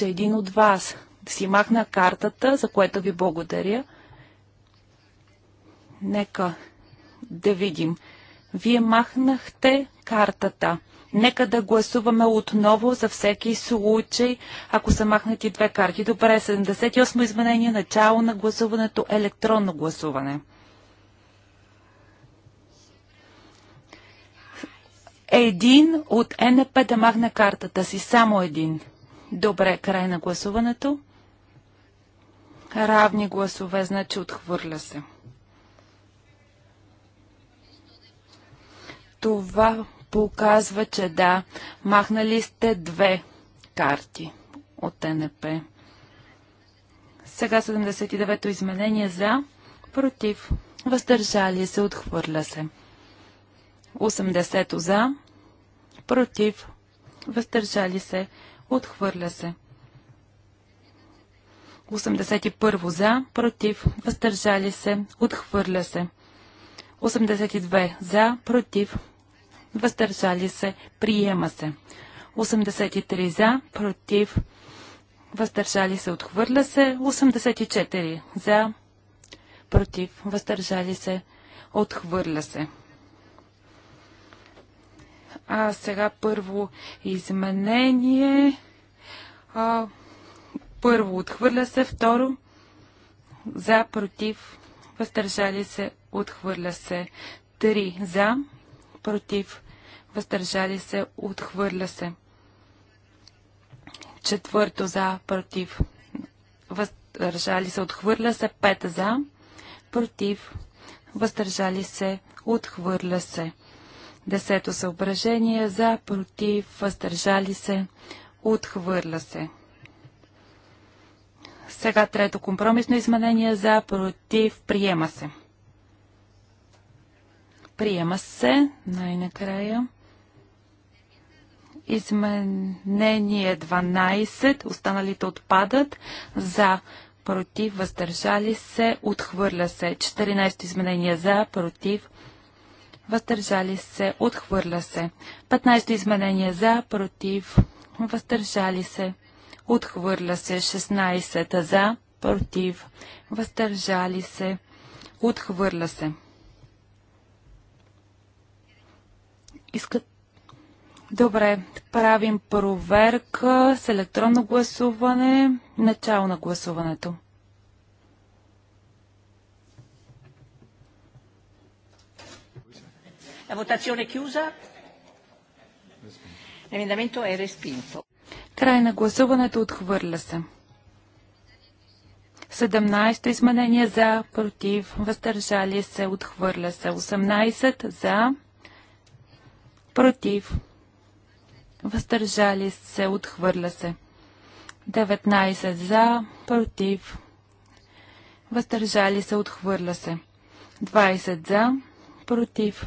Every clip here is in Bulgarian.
че един от вас си махна картата, за което ви благодаря. Нека да видим. Вие махнахте картата. Нека да гласуваме отново за всеки случай, ако са махнати две карти. Добре, 78 изменение, начало на гласуването, електронно гласуване. Един от НП да махне картата си, само един. Добре, край на гласуването. Равни гласове, значи отхвърля се. Това показва, че да, махнали сте две карти от НП. Сега 79-то изменение за, против, въздържали се, отхвърля се. 80-то за, против, въздържали се, Отхвърля се. 81 за, против, въздържали се, отхвърля се. 82 за, против, въздържали се, приема се. 83 за, против, въздържали се, отхвърля се. 84 за, против, въздържали се, отхвърля се. А сега първо изменение. А, първо отхвърля се, второ за, против, въздържали се, отхвърля се. Три за, против, въздържали се, отхвърля се. Четвърто за, против, въздържали се, отхвърля се. Пет за, против, въздържали се, отхвърля се. Десето съображение за, против, въздържали се, отхвърля се. Сега трето компромисно изменение за, против, приема се. Приема се най-накрая. Изменение 12. Останалите отпадат. За, против, въздържали се, отхвърля се. 14 изменения за, против, въздържали се, отхвърля се. 15 изменение за, против, въздържали се, отхвърля се. 16 за, против, въздържали се, отхвърля се. Искат Добре, правим проверка с електронно гласуване, начало на гласуването. La votazione è chiusa. L'emendamento è respinto. Край на гласуването отхвърля се. 17 изменения за, против, въздържали се, отхвърля се. 18 за, против, въздържали се, отхвърля се. 19 за, против, въздържали се, отхвърля се. 20 за, против,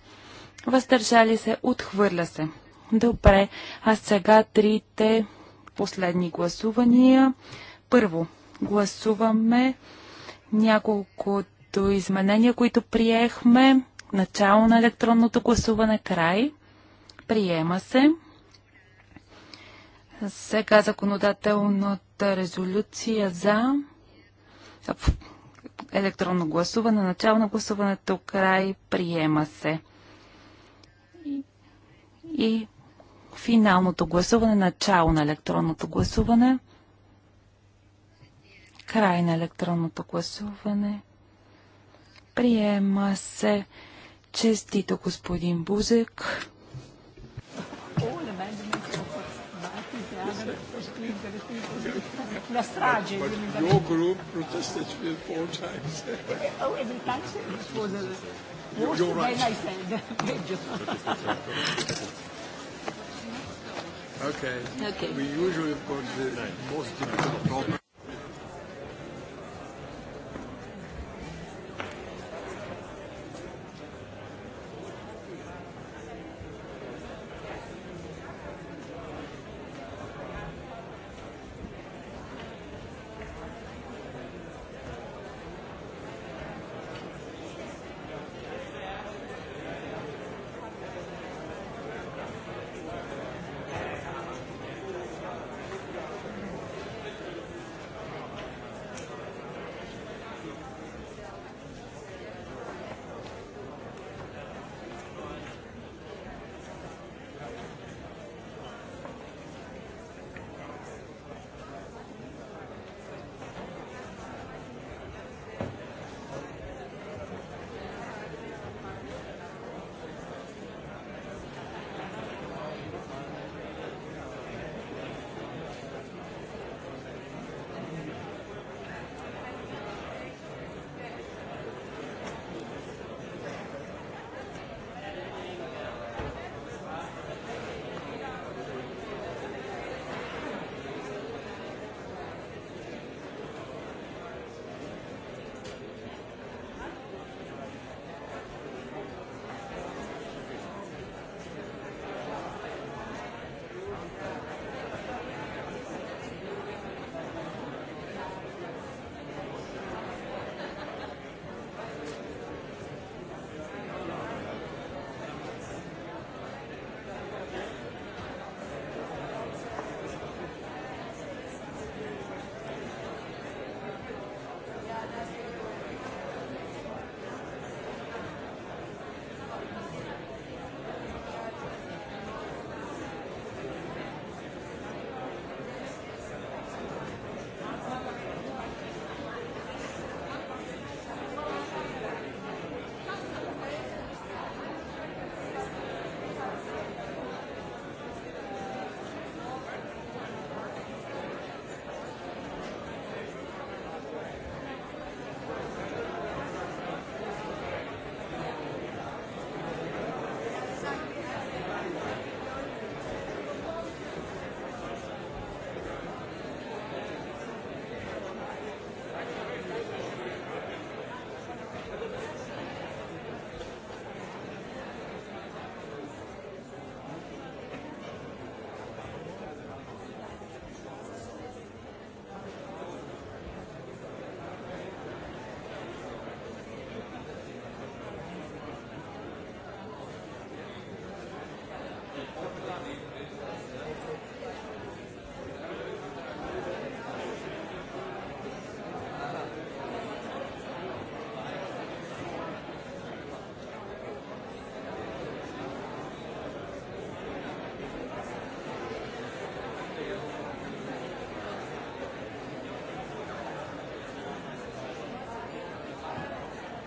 въздържали се, отхвърля се. Добре, а сега трите последни гласувания. Първо, гласуваме няколкото изменения, които приехме. Начало на електронното гласуване, край. Приема се. Сега законодателната резолюция за електронно гласуване, начало на гласуването, край, приема се и финалното гласуване, начало на електронното гласуване, край на електронното гласуване. Приема се честито господин Бузек. leader, strage. But, your group protested four times. oh, every time it was a You're right. than I said. okay. okay. We usually have got the most difficult problem.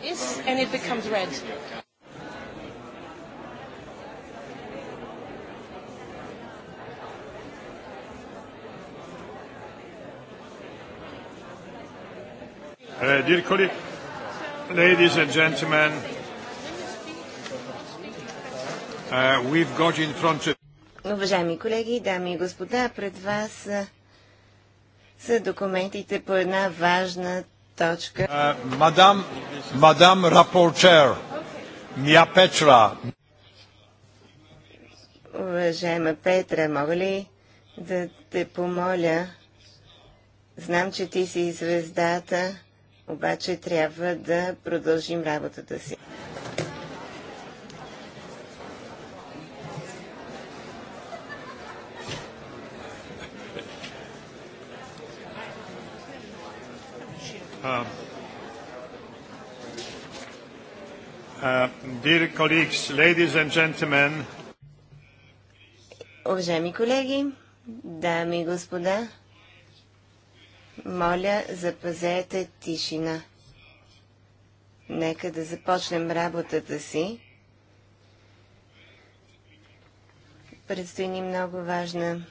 is and it becomes red. Uh, dear colleagues, ladies and gentlemen, uh, we've got in front of... Уважаеми колеги, дами и господа, пред вас са документите по една важна точка. Е, мадам, мадам рапорчер, Петра. Уважаема Петра, мога ли да те помоля? Знам, че ти си звездата, обаче трябва да продължим работата си. Dear colleagues, ladies and gentlemen. Уважаеми колеги, дами и господа, моля, запазете тишина. Нека да започнем работата си. Предстои ни много важна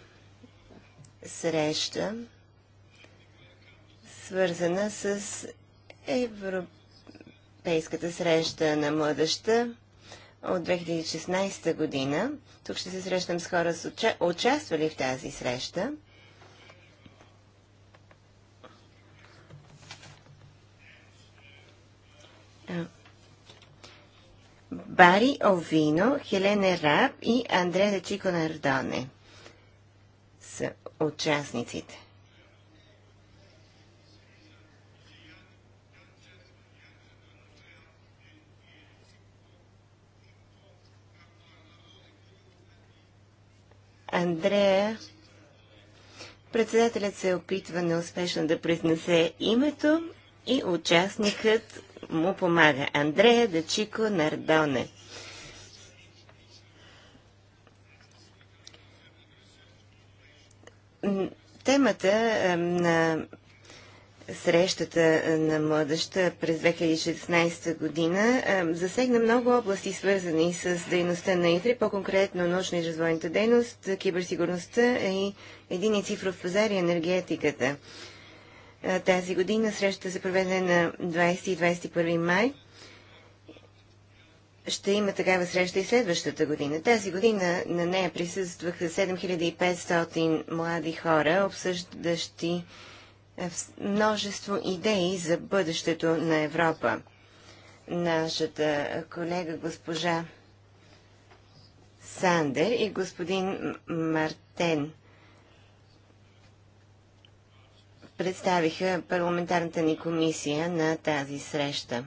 среща, свързана с Европа Европейската среща на младеща от 2016 година. Тук ще се срещам с хора, участвали в тази среща. Бари Овино, Хелене Раб и Андре Дечико Нардоне са участниците. Андрея. Председателят се опитва неуспешно да произнесе името и участникът му помага. Андрея Дачико Нардоне. Темата на срещата на младеща през 2016 година засегна много области, свързани с дейността на ИТРИ, по-конкретно научно и развойната дейност, киберсигурността и един цифров пазар и енергетиката. Тази година срещата се проведе на 20 и 21 май. Ще има такава среща и следващата година. Тази година на нея присъстваха 7500 млади хора, обсъждащи е, множество идеи за бъдещето на Европа. Нашата колега госпожа Сандер и господин Мартен представиха парламентарната ни комисия на тази среща.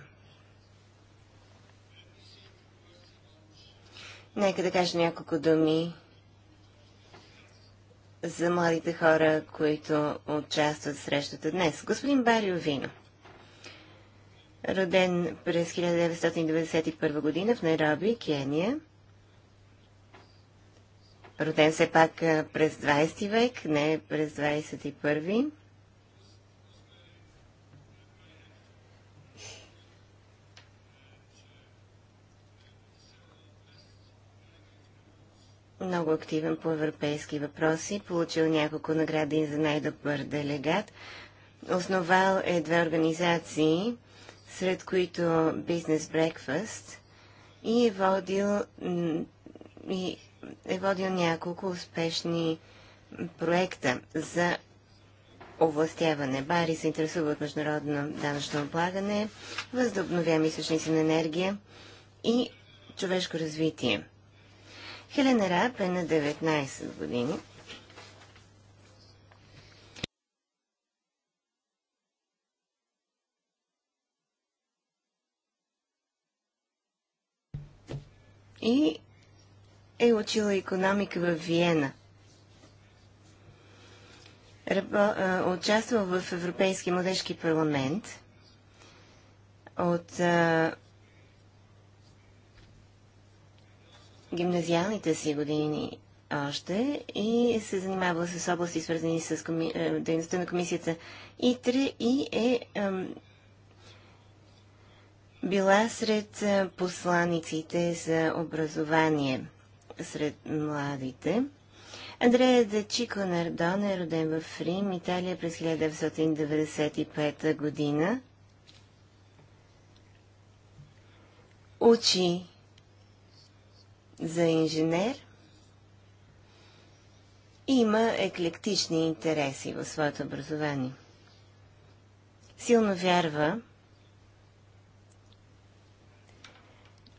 Нека да кажа няколко думи за младите хора, които участват в срещата днес. Господин Барио Вино, роден през 1991 година в Найроби, Кения, роден все пак през 20 век, не през 21 много активен по европейски въпроси, получил няколко награди за най-добър делегат. Основал е две организации, сред които Business Breakfast и е водил, и е водил няколко успешни проекта за овластяване. Бари се интересува от международно данъчно облагане, въздобновяеми източници на енергия и човешко развитие. Хелена Рап е на 19 години. И е учила економика в Виена. е, участва в Европейски младежки парламент – от гимназиалните си години още и се занимавала с области, свързани с коми... Е, дейността на комисията ИТРЕ и е ам... била сред е, посланиците за образование сред младите. Андрея Дачико Нардон е роден в Рим, Италия през 1995 година. Учи за инженер има еклектични интереси в своето образование. Силно вярва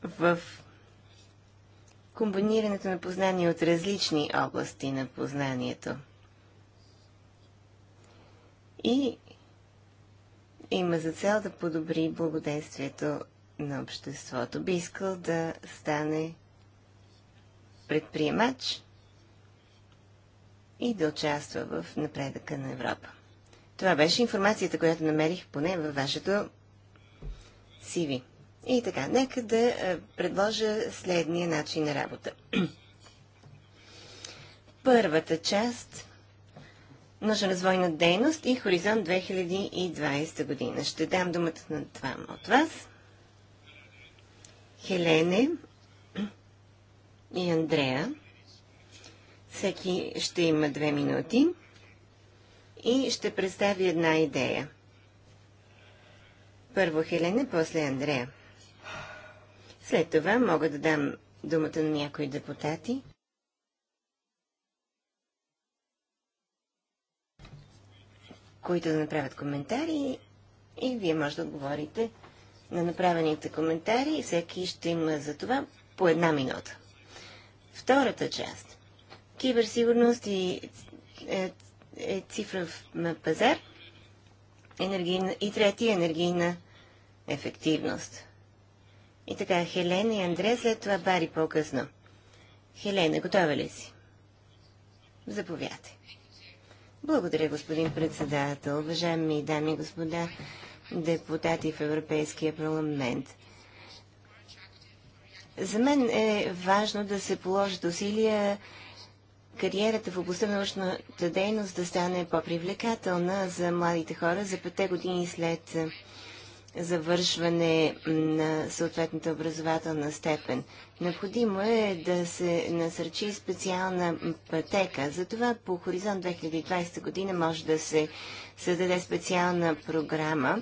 в комбинирането на познания от различни области на познанието. И има за цел да подобри благодействието на обществото. Би искал да стане предприемач и да участва в напредъка на Европа. Това беше информацията, която намерих поне във вашето CV. И така, нека да е, предложа следния начин на работа. Първата част наша развойна дейност и Хоризонт 2020 година. Ще дам думата на двама от вас. Хелене и Андрея. Всеки ще има две минути и ще представи една идея. Първо Хелена, после Андрея. След това мога да дам думата на някои депутати. които да направят коментари и вие може да отговорите на направените коментари и всеки ще има за това по една минута. Втората част. Киберсигурност и е, е цифров пазар енергийна, и трети енергийна ефективност. И така, Хелена и Андре, след това Бари по-късно. Хелена, готова ли си? Заповядайте. Благодаря, господин председател, уважаеми дами и господа депутати в Европейския парламент. За мен е важно да се положат усилия кариерата в областта на научната дейност да стане по-привлекателна за младите хора за пете години след завършване на съответната образователна степен. Необходимо е да се насърчи специална пътека. Затова по Хоризонт 2020 година може да се създаде специална програма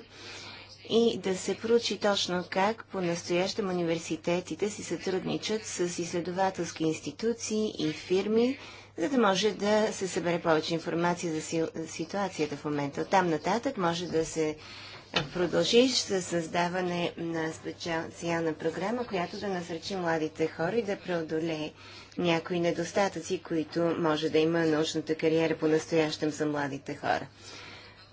и да се проучи точно как по-настоящем университетите си сътрудничат с изследователски институции и фирми, за да може да се събере повече информация за ситуацията в момента. От там нататък може да се продължи с създаване на специална програма, която да насречи младите хора и да преодолее някои недостатъци, които може да има научната кариера по-настоящем за младите хора.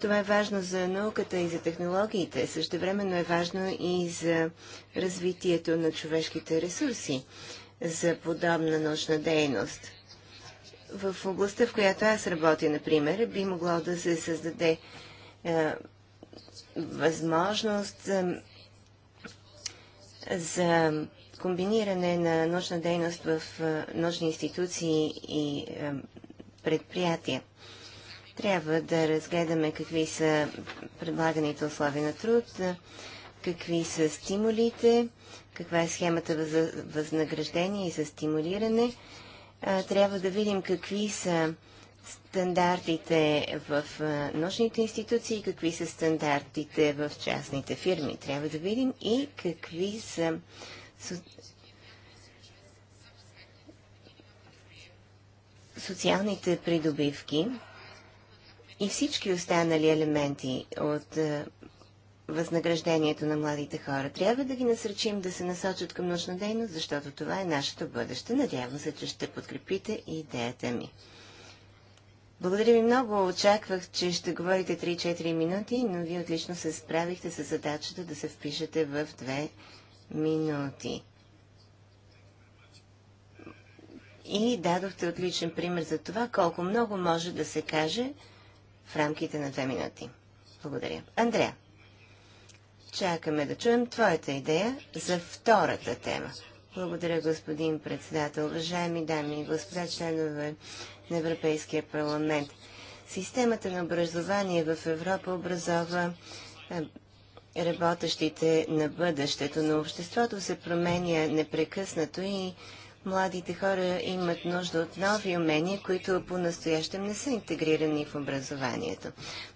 Това е важно за науката и за технологиите. Също времено е важно и за развитието на човешките ресурси за подобна научна дейност. В областта, в която аз работя, например, би могло да се създаде е, възможност е, за комбиниране на научна дейност в е, научни институции и е, предприятия. Трябва да разгледаме какви са предлаганите условия на труд, какви са стимулите, каква е схемата за възнаграждение и за стимулиране. Трябва да видим какви са стандартите в научните институции и какви са стандартите в частните фирми. Трябва да видим и какви са социалните придобивки и всички останали елементи от е, възнаграждението на младите хора. Трябва да ги насръчим да се насочат към научна дейност, защото това е нашето бъдеще. Надявам се, че ще подкрепите идеята ми. Благодаря ви много. Очаквах, че ще говорите 3-4 минути, но вие отлично се справихте с задачата да се впишете в 2 минути. И дадохте отличен пример за това колко много може да се каже в рамките на две минути. Благодаря. Андрея, чакаме да чуем твоята идея за втората тема. Благодаря, господин председател. Уважаеми дами и господа, членове на Европейския парламент. Системата на образование в Европа образова е, работещите на бъдещето, но обществото се променя непрекъснато и Младите хора имат нужда от нови умения, които по-настоящем не са интегрирани в образованието.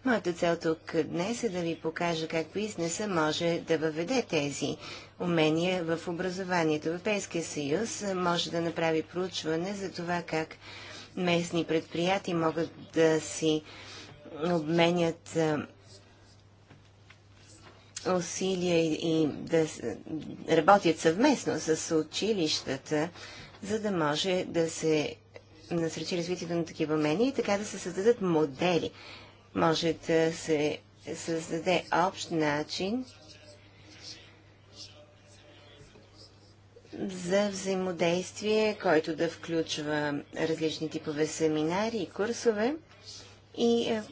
Моята цел тук днес е да ви покажа как бизнеса може да въведе тези умения в образованието. Европейския съюз може да направи проучване за това как местни предприятия могат да си обменят усилия и да работят съвместно с училищата, за да може да се насречи развитието на такива умения и така да се създадат модели. Може да се създаде общ начин за взаимодействие, който да включва различни типове семинари и курсове и е,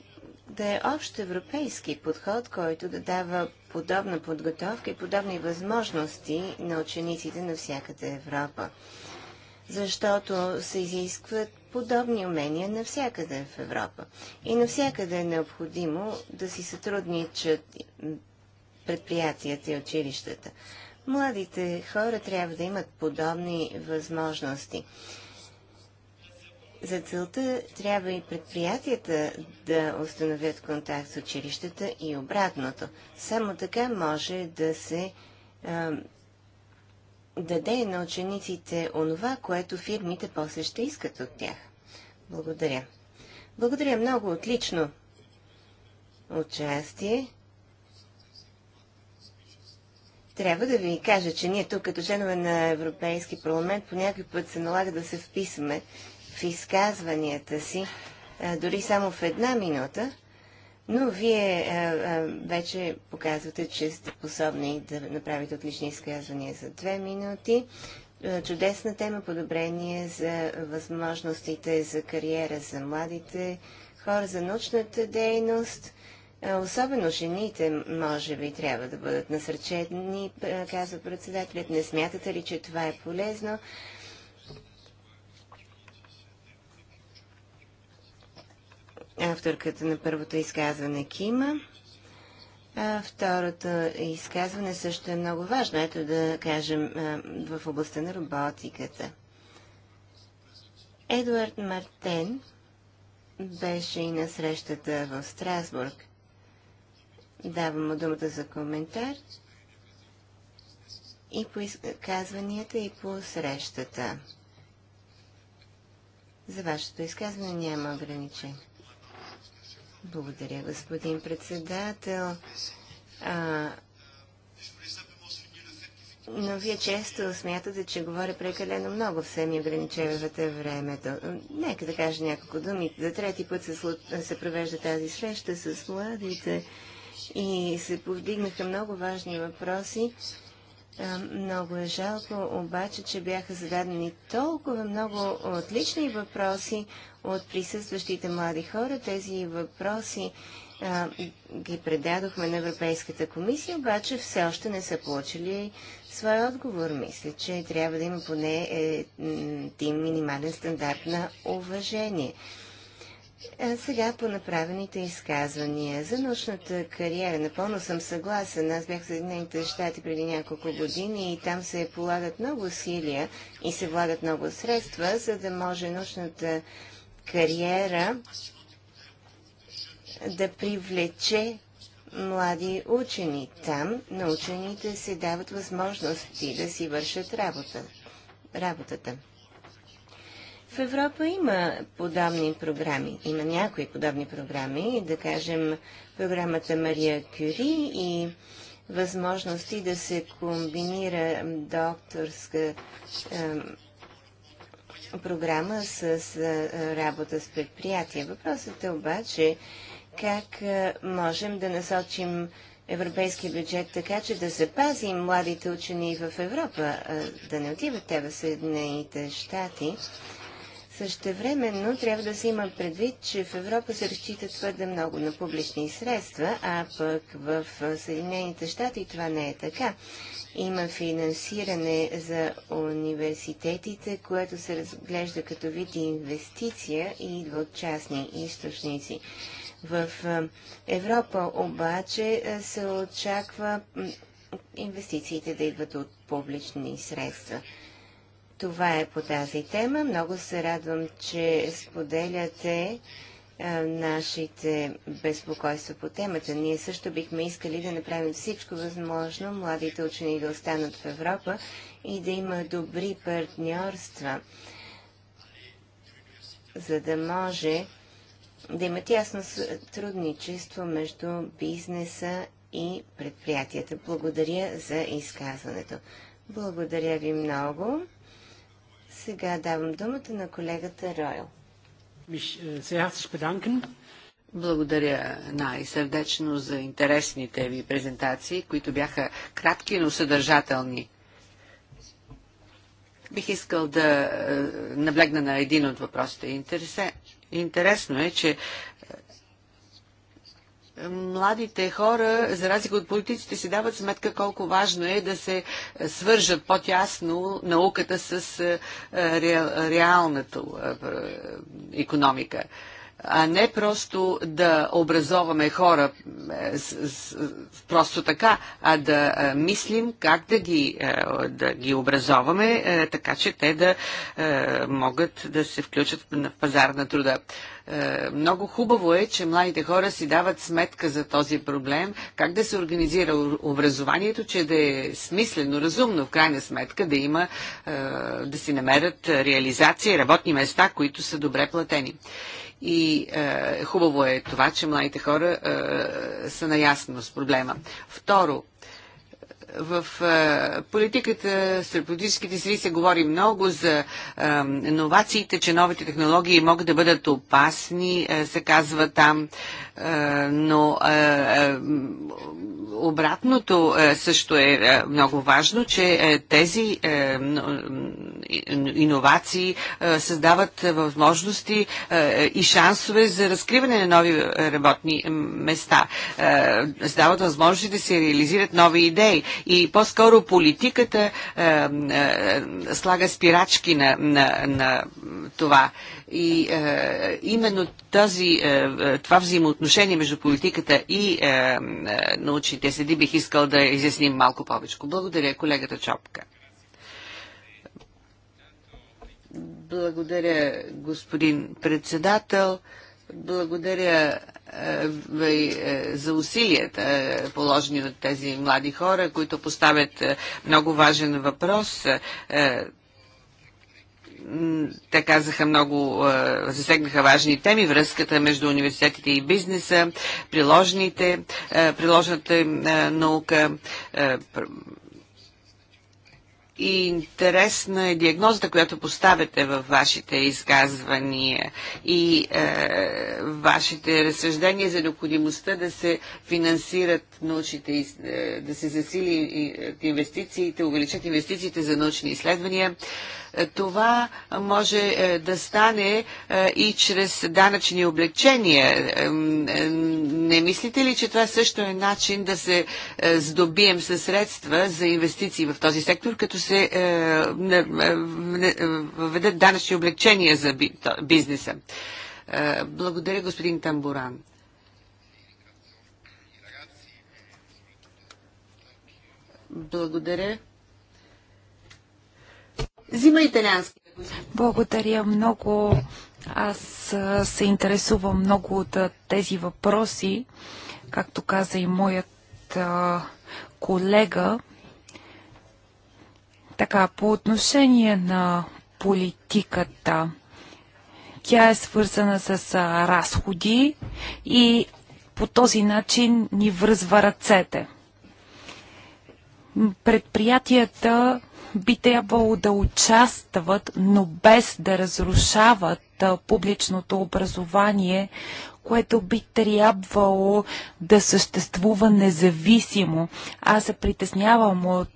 да е общ европейски подход, който да дава подобна подготовка и подобни възможности на учениците на всяката Европа. Защото се изискват подобни умения навсякъде в Европа. И навсякъде е необходимо да си сътрудничат предприятията и училищата. Младите хора трябва да имат подобни възможности. За целта трябва и предприятията да установят контакт с училищата и обратното. Само така може да се а, даде на учениците онова, което фирмите после ще искат от тях. Благодаря. Благодаря много отлично участие. Трябва да ви кажа, че ние тук, като членове на Европейски парламент, по някой път се налага да се вписваме в изказванията си, дори само в една минута, но вие вече показвате, че сте способни да направите отлични изказвания за две минути. Чудесна тема подобрение за възможностите за кариера за младите хора, за научната дейност. Особено жените, може би, трябва да бъдат насърчени, казва председателят. Не смятате ли, че това е полезно? авторката на първото изказване Кима. А, второто изказване също е много важно. Ето да кажем в областта на роботиката. Едуард Мартен беше и на срещата в Страсбург. Давам му думата за коментар и по изказванията, и по срещата. За вашето изказване няма ограничение. Благодаря, господин председател. А, но вие често смятате, че говоря прекалено много, все ми ограничавате времето. Нека да кажа няколко думи. За трети път се, се провежда тази среща с младите и се повдигнаха много важни въпроси е, много е жалко, обаче, че бяха зададени толкова много отлични въпроси от присъстващите млади хора. Тези въпроси а, е, ги предадохме на Европейската комисия, обаче все още не са получили своя отговор. Мисля, че трябва да има поне един минимален стандарт на уважение. А сега по направените изказвания. За научната кариера напълно съм съгласен. Аз бях в Съединените щати преди няколко години и там се полагат много усилия и се влагат много средства, за да може научната кариера да привлече млади учени. Там на учените се дават възможности да си вършат работа, работата. В Европа има подобни програми. Има някои подобни програми, да кажем програмата Мария Кюри и възможности да се комбинира докторска програма с е, работа с предприятия. Въпросът е обаче как е, можем да насочим европейския бюджет така, че да запазим младите учени в Европа, е, да не отиват те в Съединените щати, Същевременно трябва да се има предвид, че в Европа се разчита твърде много на публични средства, а пък в Съединените щати това не е така. Има финансиране за университетите, което се разглежда като вид инвестиция и идва от частни източници. В Европа обаче се очаква инвестициите да идват от публични средства. Това е по тази тема. Много се радвам, че споделяте нашите безпокойства по темата. Ние също бихме искали да направим всичко възможно младите учени да останат в Европа и да има добри партньорства, за да може да има тясно сътрудничество между бизнеса и предприятията. Благодаря за изказването. Благодаря ви много. Сега давам думата на колегата Ройл. Е, Благодаря най-сърдечно за интересните ви презентации, които бяха кратки, но съдържателни. Бих искал да е, наблегна на един от въпросите. Интересно е, че младите хора, за разлика от политиците, си дават сметка колко важно е да се свържат по-тясно науката с е, реалната е, е, економика а не просто да образоваме хора е, просто така, а да е, мислим как да ги, е, да ги образоваме, така че те да могат да се включат в пазар на труда. Много хубаво е, че младите хора си дават сметка за този проблем, как да се организира образованието, че да е смислено, разумно, в крайна сметка да има, да си намерят реализация и работни места, които са добре платени и е, хубаво е това, че младите хора е, са наясно с проблема. Второ, в е, политиката, политическите сили се говори много за е, новациите, че новите технологии могат да бъдат опасни, е, се казва там, е, но е, е, обратното е, също е, е много важно, че е, тези е, иновации създават възможности и шансове за разкриване на нови работни места. Създават възможности да се реализират нови идеи. И по-скоро политиката слага спирачки на, на, на това. И е, именно тази, е, това взаимоотношение между политиката и е, научните седи бих искал да изясним малко повече. Благодаря, колегата Чопка. Благодаря, господин председател. Благодаря е, е, за усилията, е, положени от тези млади хора, които поставят много важен въпрос те казаха много, засегнаха важни теми, връзката между университетите и бизнеса, приложните, приложната наука, и интересна е диагнозата, която поставяте във вашите изказвания и е, вашите разсъждения за необходимостта да се финансират научните, е, да се засили е, инвестициите, увеличат инвестициите за научни изследвания. Е, това може е, да стане е, и чрез данъчни облегчения. Не мислите ли, че това също е начин да се е, здобием със средства за инвестиции в този сектор, като се введат данъчни облегчения за бизнеса? Благодаря, господин Тамбуран. Благодаря. Зима италиански. Благодаря много. Аз се интересувам много от тези въпроси, както каза и моят колега. Така, по отношение на политиката, тя е свързана с разходи и по този начин ни връзва ръцете. Предприятията би трябвало да участват, но без да разрушават публичното образование, което би трябвало да съществува независимо. Аз се притеснявам от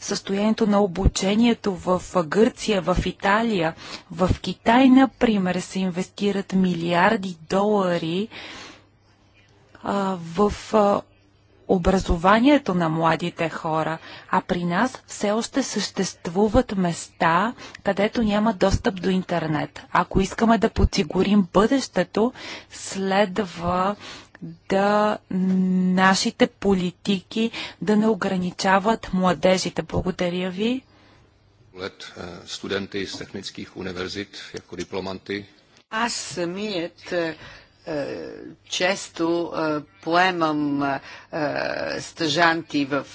състоянието на обучението в Гърция, в Италия, в Китай, например, се инвестират милиарди долари в образованието на младите хора, а при нас все още съществуват места, където няма достъп до интернет. Ако искаме да подсигурим бъдещето, следва да нашите политики да не ограничават младежите. Благодаря ви. Лет uh, студенти из технических университет, дипломанти. Аз самият е, често е, поемам е, стъжанти в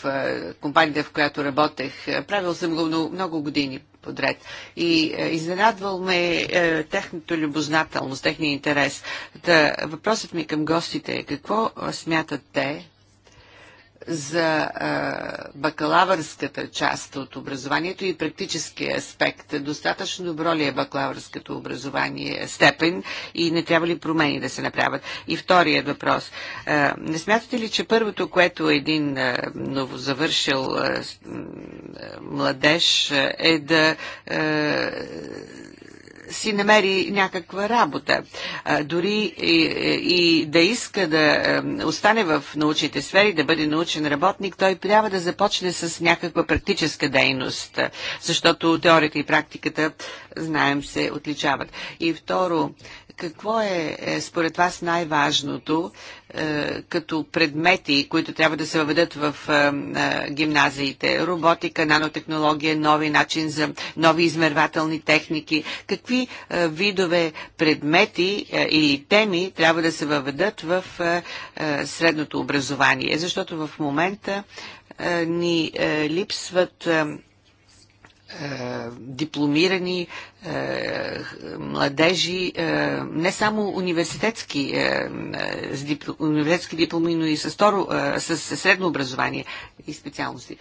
компанията, в която работех. Правил съм го много, години подред. И изненадвал ме техната любознателност, техния интерес. въпросът ми към гостите е какво смятат те за а, бакалавърската част от образованието и практическия аспект. Достатъчно добро ли е бакалавърското образование степен и не трябва ли промени да се направят? И вторият въпрос. А, не смятате ли, че първото, което един а, новозавършил а, младеж е да а, си намери някаква работа. Дори и, и да иска да е, остане в научните сфери, да бъде научен работник, той трябва да започне с някаква практическа дейност, защото теорията и практиката, знаем, се отличават. И второ, какво е, е според вас най-важното е, като предмети, които трябва да се въведат в е, е, гимназиите? Роботика, нанотехнология, нови начин за нови измервателни техники. Какви видове предмети или теми трябва да се въведат в средното образование? Защото в момента ни липсват е, дипломирани е, младежи, е, не само университетски, с университетски дипломи, но и с, второ, с средно образование и специалности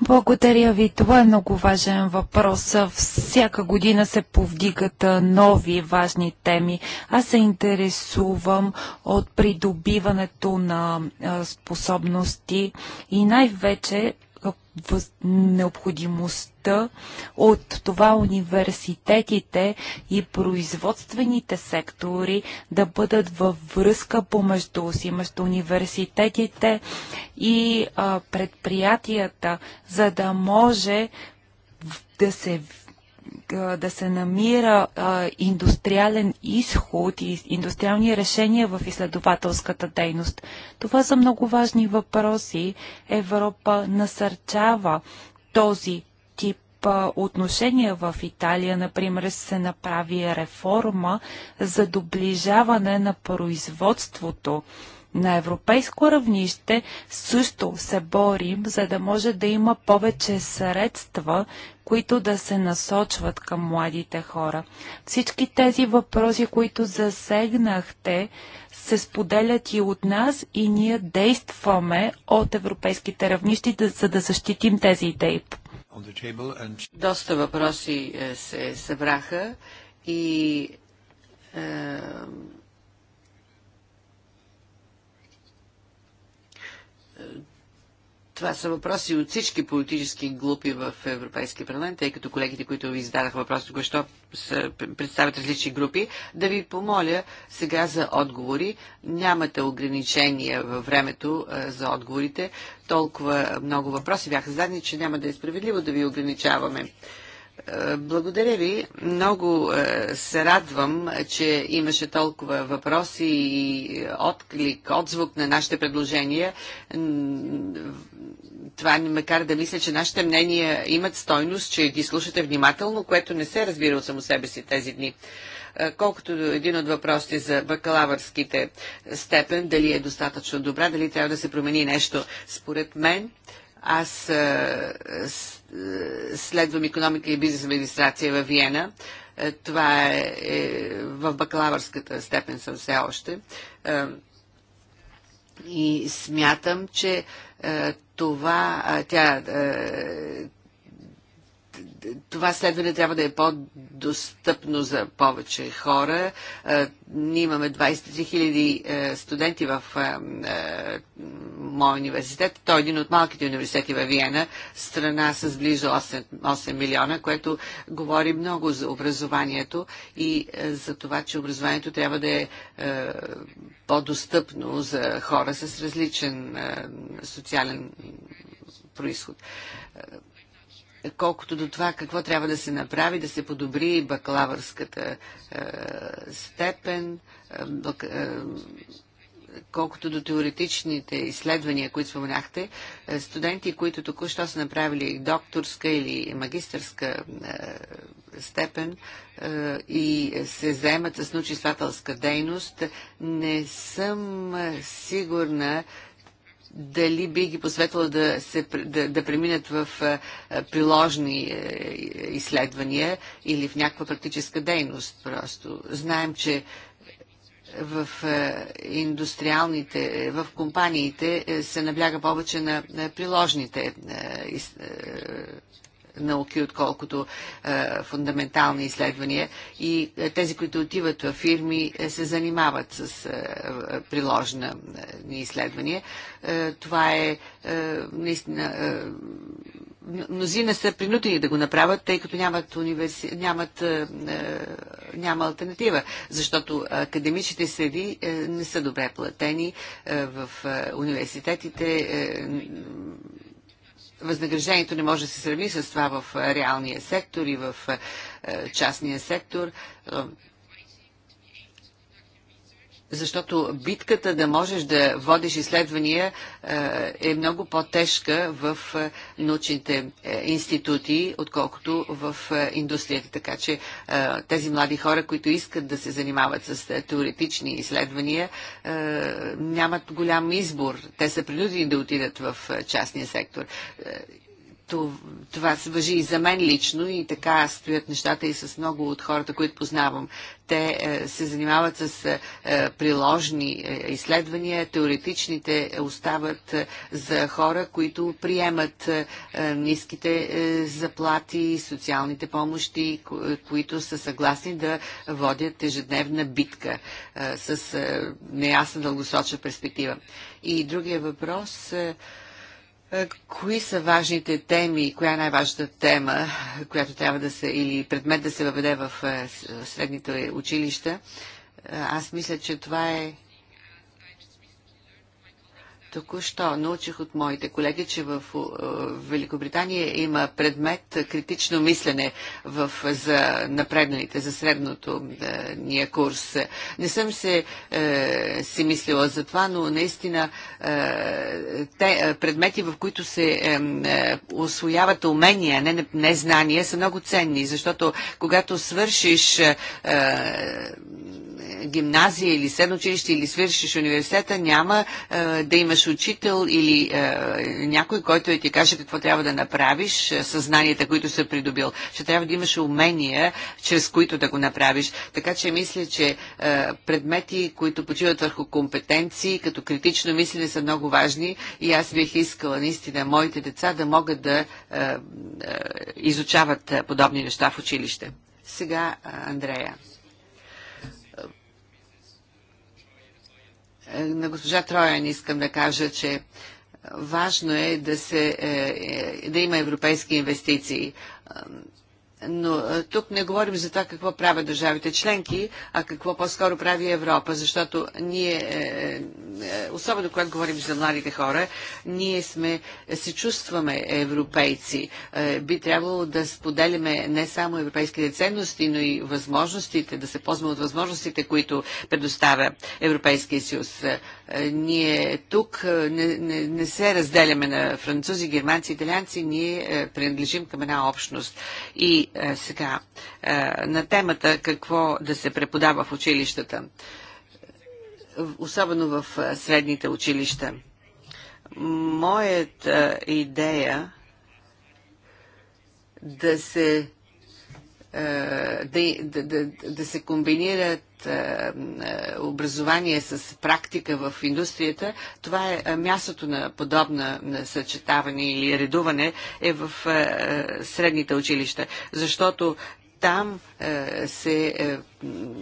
благодаря ви. Това е много важен въпрос. Всяка година се повдигат нови важни теми. Аз се интересувам от придобиването на способности и най-вече въз... необходимостта от това университетите и производствените сектори да бъдат във връзка помежду си, между университетите и а, предприятията, за да може да се да се намира а, индустриален изход и индустриални решения в изследователската дейност. Това са много важни въпроси. Европа насърчава този тип а, отношения в Италия. Например, се направи реформа за доближаване на производството на европейско равнище също се борим, за да може да има повече средства, които да се насочват към младите хора. Всички тези въпроси, които засегнахте, се споделят и от нас и ние действаме от европейските равнищи, за да защитим тези идеи. Доста въпроси е, се събраха и е, Това са въпроси от всички политически глупи в Европейския парламент, тъй като колегите, които ви зададах въпроси, току-що, представят различни групи. Да ви помоля сега за отговори. Нямате ограничения във времето за отговорите. Толкова много въпроси бяха зададени, че няма да е справедливо да ви ограничаваме. Благодаря ви. Много е, се радвам, че имаше толкова въпроси и отклик, отзвук на нашите предложения. Това ме макар да мисля, че нашите мнения имат стойност, че ги слушате внимателно, което не се е разбира от само себе си тези дни е, колкото един от въпросите за бакалавърските степен, дали е достатъчно добра, дали трябва да се промени нещо. Според мен, аз е, следвам економика и бизнес администрация във Виена. Е, това е, е в бакалавърската степен съм все още. Е, и смятам, че това, тя, това следване трябва да е по-достъпно за повече хора. Ние имаме 23 000 е, студенти в е, е, моя университет. Той е един от малките университети в Виена, страна с близо 8, 8 милиона, което говори много за образованието и за това, че образованието трябва да е по-достъпно за хора с различен социален происход колкото до това какво трябва да се направи, да се подобри бакалавърската е, степен, е, бак, е, колкото до теоретичните изследвания, които споменахте, е, студенти, които току-що са направили докторска или магистърска е, степен е, и се заемат с научествателска дейност, не съм сигурна, дали би ги посветвала да, се, да, да преминат в приложни е, изследвания или в някаква практическа дейност просто. Знаем, че в индустриалните, в компаниите е, се набляга повече на приложните е, науки, отколкото е, фундаментални изследвания. И е, тези, които отиват във фирми, е, се занимават с е, приложна е, изследвания. Е, това е, е наистина. Е, мнозина са принудени да го направят, тъй като нямат, универси... нямат е, е, няма альтернатива, защото академичните среди е, не са добре платени е, в е, университетите. Е, възнаграждението не може да се сравни с това в реалния сектор и в частния сектор защото битката да можеш да водиш изследвания е, е много по-тежка в е, научните е, институти, отколкото в индустрията. Така че тези млади хора, които искат да се занимават с теоретични изследвания, нямат голям избор. Те са принудени да отидат в частния сектор това се въжи и за мен лично и така стоят нещата и с много от хората, които познавам. Те е, се занимават с е, е, приложни изследвания, теоретичните остават за хора, които приемат ниските заплати, социалните помощи, които са съгласни да водят ежедневна битка с неясна дългосрочна перспектива. И другия въпрос е е, кои са важните теми, коя е най-важната тема, която трябва да се или предмет да се въведе в е, средните училища? Е, аз мисля, че това е Току-що научих от моите колеги, че в е, Великобритания има предмет критично мислене в, за напредналите, за средното да, е, ния курс. Не съм се е, си мислила за това, но наистина е, те е, предмети, в които се е, е, освояват умения, не, не знания, са много ценни, защото когато свършиш е, гимназия или средно училище или свършиш университета, няма е, да имаш учител или е, някой, който е ти каже какво трябва да направиш, съзнанията, които са придобил. Ще трябва да имаш умения, чрез които да го направиш. Така че мисля, че предмети, които почиват върху компетенции, като критично мислене са много важни и аз бих искала наистина моите деца да могат да изучават подобни неща в училище. Сега Андрея. Е, на госпожа Троян искам да кажа, че важно е да, се, е, е, да има европейски инвестиции но тук не говорим за това какво правят държавите членки, а какво по-скоро прави Европа, защото ние, е, е, е, особено когато говорим за младите хора, ние сме, се чувстваме европейци. Би трябвало да споделиме не само европейските ценности, но и възможностите, да се ползваме от възможностите, които предоставя Европейския съюз. Е, ние тук е, не, не, не се разделяме на французи, германци, италианци, ние е, принадлежим към една общност. И сега на темата какво да се преподава в училищата, особено в средните училища. Моята идея да се е, да, да, да, да се комбинират е, е, образование с практика в индустрията, това е мястото на подобна на съчетаване или редуване е в средните училища, защото там се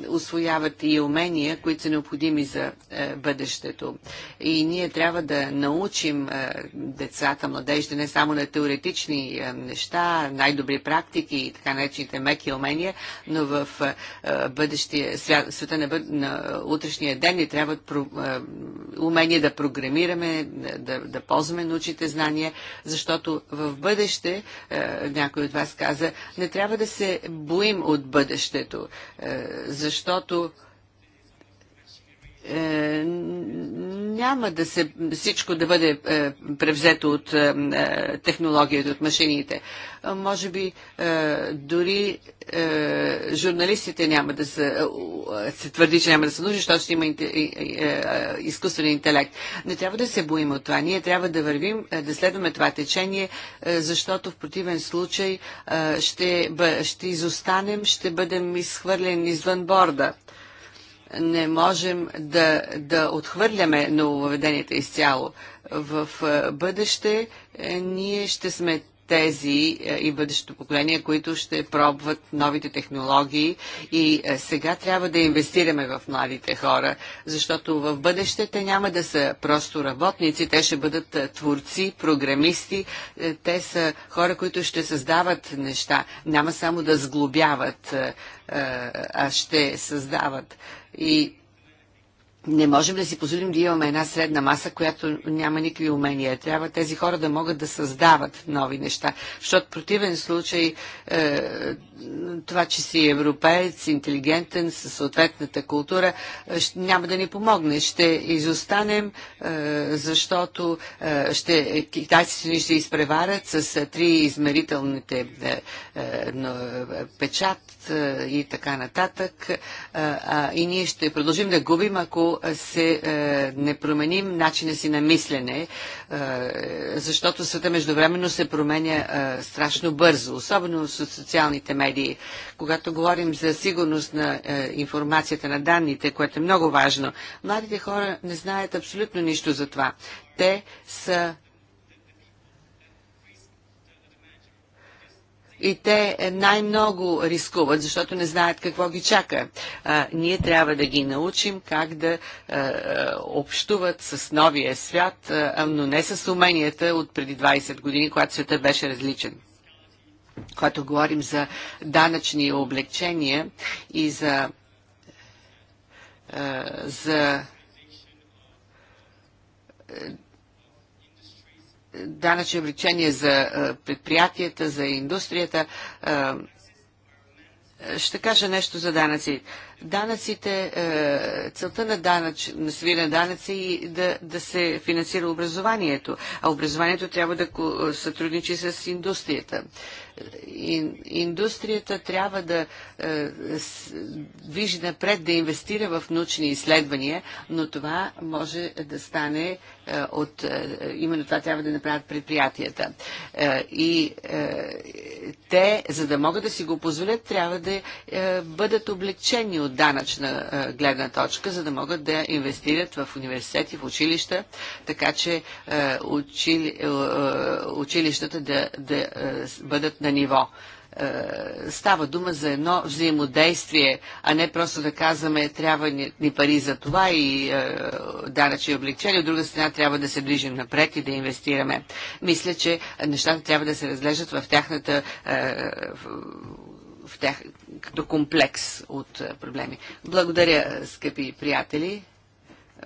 освояват и умения, които са необходими за е, бъдещето. И ние трябва да научим е, децата, младежите не само на теоретични е, неща, най-добри практики и така наречените меки умения, но в е, е, бъдещия свят, света на, бъд, на утрешния ден ни трябват про, е, умения да програмираме, да, да ползваме научите знания, защото в бъдеще, някой от вас каза, не трябва да се боим от бъдещето защото е, няма да се всичко да бъде е, превзето от е, технологията, от машините. Може би дори журналистите няма да са, се твърди, че няма да са нужни, защото ще има изкуствен интелект. Не трябва да се боим от това. Ние трябва да вървим, да следваме това течение, защото в противен случай ще, ще изостанем, ще бъдем изхвърлени извън борда не можем да, да отхвърляме нововведенията изцяло. В е, бъдеще е, ние ще сме тези е, и бъдещето поколение, които ще пробват новите технологии и сега трябва да инвестираме в младите хора, защото в бъдеще те няма да са просто работници, те ще бъдат творци, програмисти, те са хора, които ще създават неща, няма само да сглобяват, а ще създават. И не можем да си позволим да имаме една средна маса, която няма никакви умения. Трябва тези хора да могат да създават нови неща, защото в противен случай е, това, че си европеец, интелигентен, със съответната култура, е, няма да ни помогне. Ще изостанем, е, защото е, ще, китайците ни ще изпреварят с три измерителните печат и така нататък. И ние ще продължим да губим, ако се не променим начина си на мислене, защото света междувременно се променя страшно бързо, особено с социалните медии медии. Когато говорим за сигурност на е, информацията на данните, което е много важно, младите хора не знаят абсолютно нищо за това. Те са и те най-много рискуват, защото не знаят какво ги чака. А, ние трябва да ги научим как да а, е, е, общуват с новия свят, а, е, но не с уменията от преди 20 години, когато света беше различен когато говорим за данъчни облегчения и за, е, за е, данъчни облегчения за е, предприятията, за индустрията, ще кажа нещо за данъци. Данъците, целта на, данъч, на свиране на данъци е да, да се финансира образованието, а образованието трябва да сътрудничи с индустрията индустрията трябва да е, движи напред, да инвестира в научни изследвания, но това може да стане е, от... Е, именно това трябва да направят предприятията. Е, и те, за да могат да си го позволят, трябва да бъдат облегчени от данъчна гледна точка, за да могат да инвестират в университети, в училища, така че училищата да, да бъдат на ниво е, става дума за едно взаимодействие, а не просто да казваме трябва ни, ни пари за това и е, данъчни облегчения, от друга страна трябва да се движим напред и да инвестираме. Мисля, че нещата трябва да се разглеждат в тяхната е, в тях, като комплекс от е, проблеми. Благодаря, скъпи приятели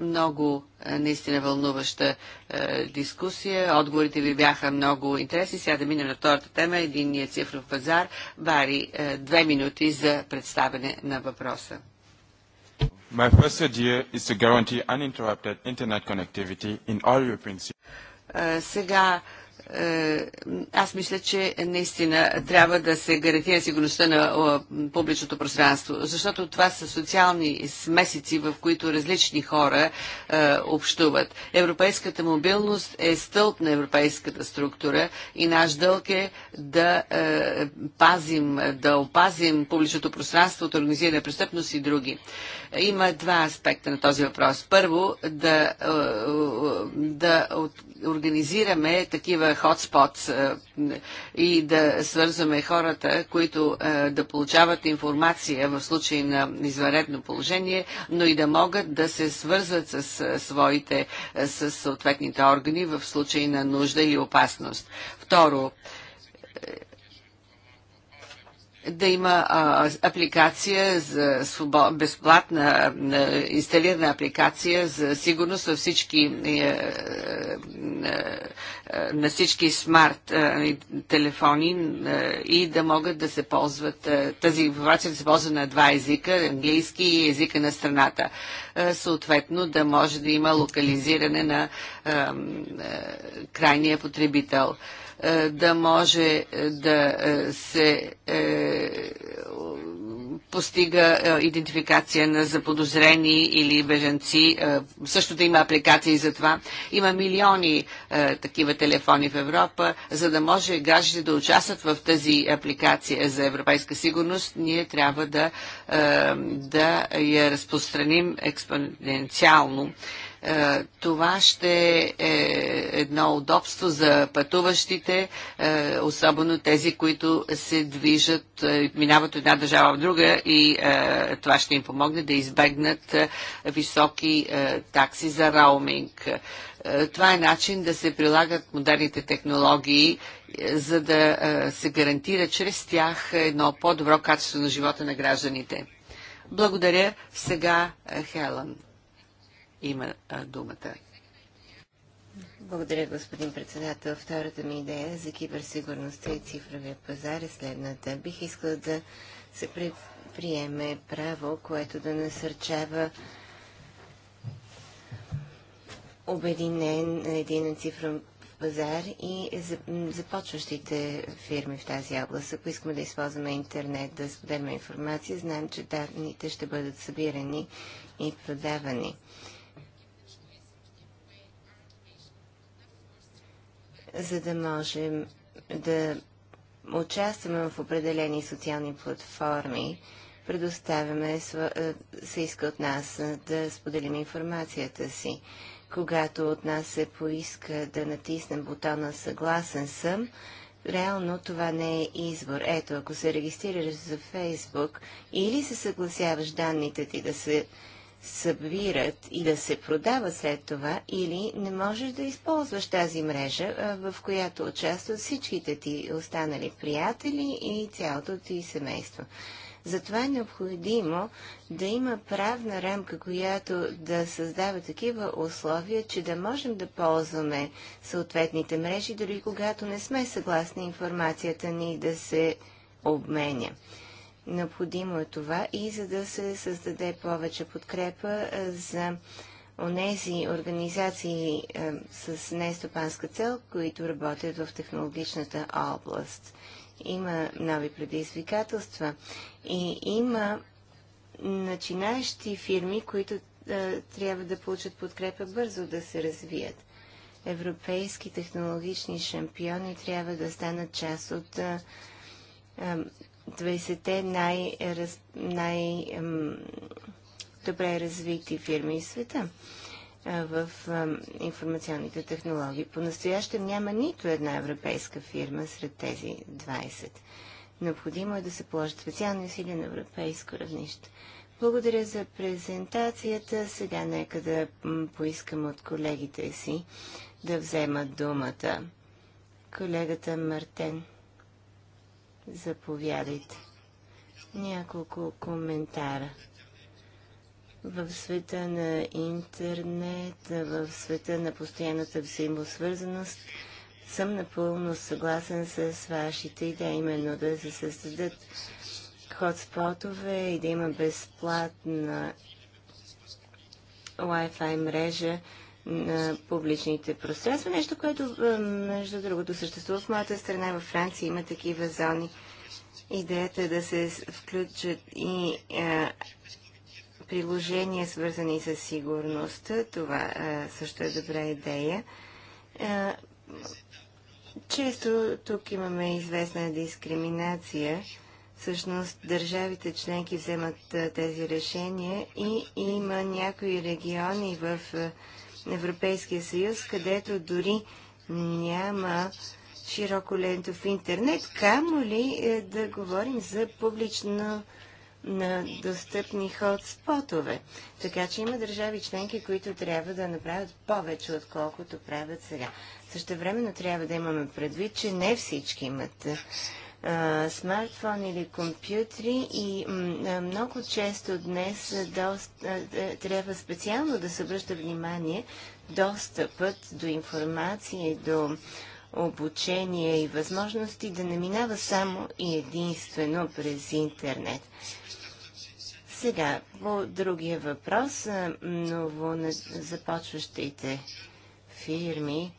много е, наистина вълнуваща е, дискусия. Отговорите ви бяха много интересни. Сега да минем на втората тема. Единният цифров пазар. Бари, е, две минути за представяне на въпроса. My first idea is to guarantee uninterrupted internet connectivity in all European cities. Е, сега е, аз мисля, че наистина трябва да се гарантира сигурността на публичното пространство, защото това са социални смесици, в които различни хора е, общуват. Европейската мобилност е стълб на европейската структура и наш дълг е да е, пазим, да опазим публичното пространство от организирана престъпност и други. Има два аспекта на този въпрос. Първо, да, е, е, да организираме такива хотспотс е, и да свързваме хората, които да получават информация в случай на извънредно положение, но и да могат да се свързват с своите, с съответните органи в случай на нужда и опасност. Второ, да има а, апликация за свобо... безплатна а, инсталирана апликация за сигурност във всички а, е, е, е, на всички смарт а, телефони а, и да могат да се ползват а, тази информация да се ползва на два езика, английски и езика на страната. А, съответно да може да има локализиране на а, а, крайния потребител. А, е, да може е, да е, се постига идентификация на заподозрени или беженци. Също да има апликации за това. Има милиони такива телефони в Европа. За да може гражданите да участват в тази апликация за европейска сигурност, ние трябва да, да я разпространим експоненциално е, това ще е едно удобство за пътуващите, е, особено тези, които се движат, е, минават от една държава в друга и това ще им помогне да избегнат високи такси за роуминг. Това е начин да се прилагат модерните технологии, за да се гарантира чрез тях едно по-добро качество на живота на гражданите. Благодаря. Сега Хелън има думата. Благодаря, господин председател. Втората ми идея за киберсигурността и цифровия пазар е следната. Бих искала да се приеме право, което да насърчава обединен един цифров пазар и започващите фирми в тази област. Ако искаме да използваме интернет, да споделяме информация, знаем, че данните ще бъдат събирани и продавани. за да можем да участваме в определени социални платформи, предоставяме, е, се иска от нас е, да споделим информацията си. Когато от нас се поиска да натиснем бутона Съгласен съм, реално това не е избор. Ето, ако се регистрираш за Фейсбук или се съгласяваш данните ти да се събират и да се продава след това, или не можеш да използваш тази мрежа, в която участват всичките ти останали приятели и цялото ти семейство. Затова е необходимо да има правна рамка, която да създава такива условия, че да можем да ползваме съответните мрежи, дори когато не сме съгласни информацията ни да се обменя. Необходимо е това и за да се създаде повече подкрепа за онези организации с нестопанска цел, които работят в технологичната област. Има нови предизвикателства и има начинаещи фирми, които трябва да получат подкрепа бързо да се развият. Европейски технологични шампиони трябва да станат част от 20-те най-, добре най добре развити фирми в света в информационните технологии. По-настоящем няма нито една европейска фирма сред тези 20. Необходимо е да се положат специални усилия на европейско равнище. Благодаря за презентацията. Сега нека да поискам от колегите си да вземат думата. Колегата Мартен. Заповядайте. Няколко коментара. В света на интернет, в света на постоянната взаимосвързаност, съм напълно съгласен с вашите идеи, именно да се създадат хотспотове и да има безплатна Wi-Fi мрежа на публичните пространства. Нещо, което, е, между другото, съществува в моята страна. Във Франция има такива зони. Идеята е да се включат и а, е, приложения, свързани с сигурността. Това а, е, също е добра идея. А, често тук имаме известна дискриминация. Всъщност държавите членки вземат а, тези решения и има някои региони в а, на Европейския съюз, където дори няма широко лентов интернет, камо ли е, да говорим за публично на достъпни хотспотове. Така че има държави членки, които трябва да направят повече, отколкото правят сега. Също времено трябва да имаме предвид, че не всички имат е, смартфон или компютри и много често днес доста, трябва специално да се обръща внимание достъпът до информация, до обучение и възможности да не минава само и единствено през интернет. Сега, по другия въпрос, ново започващите фирми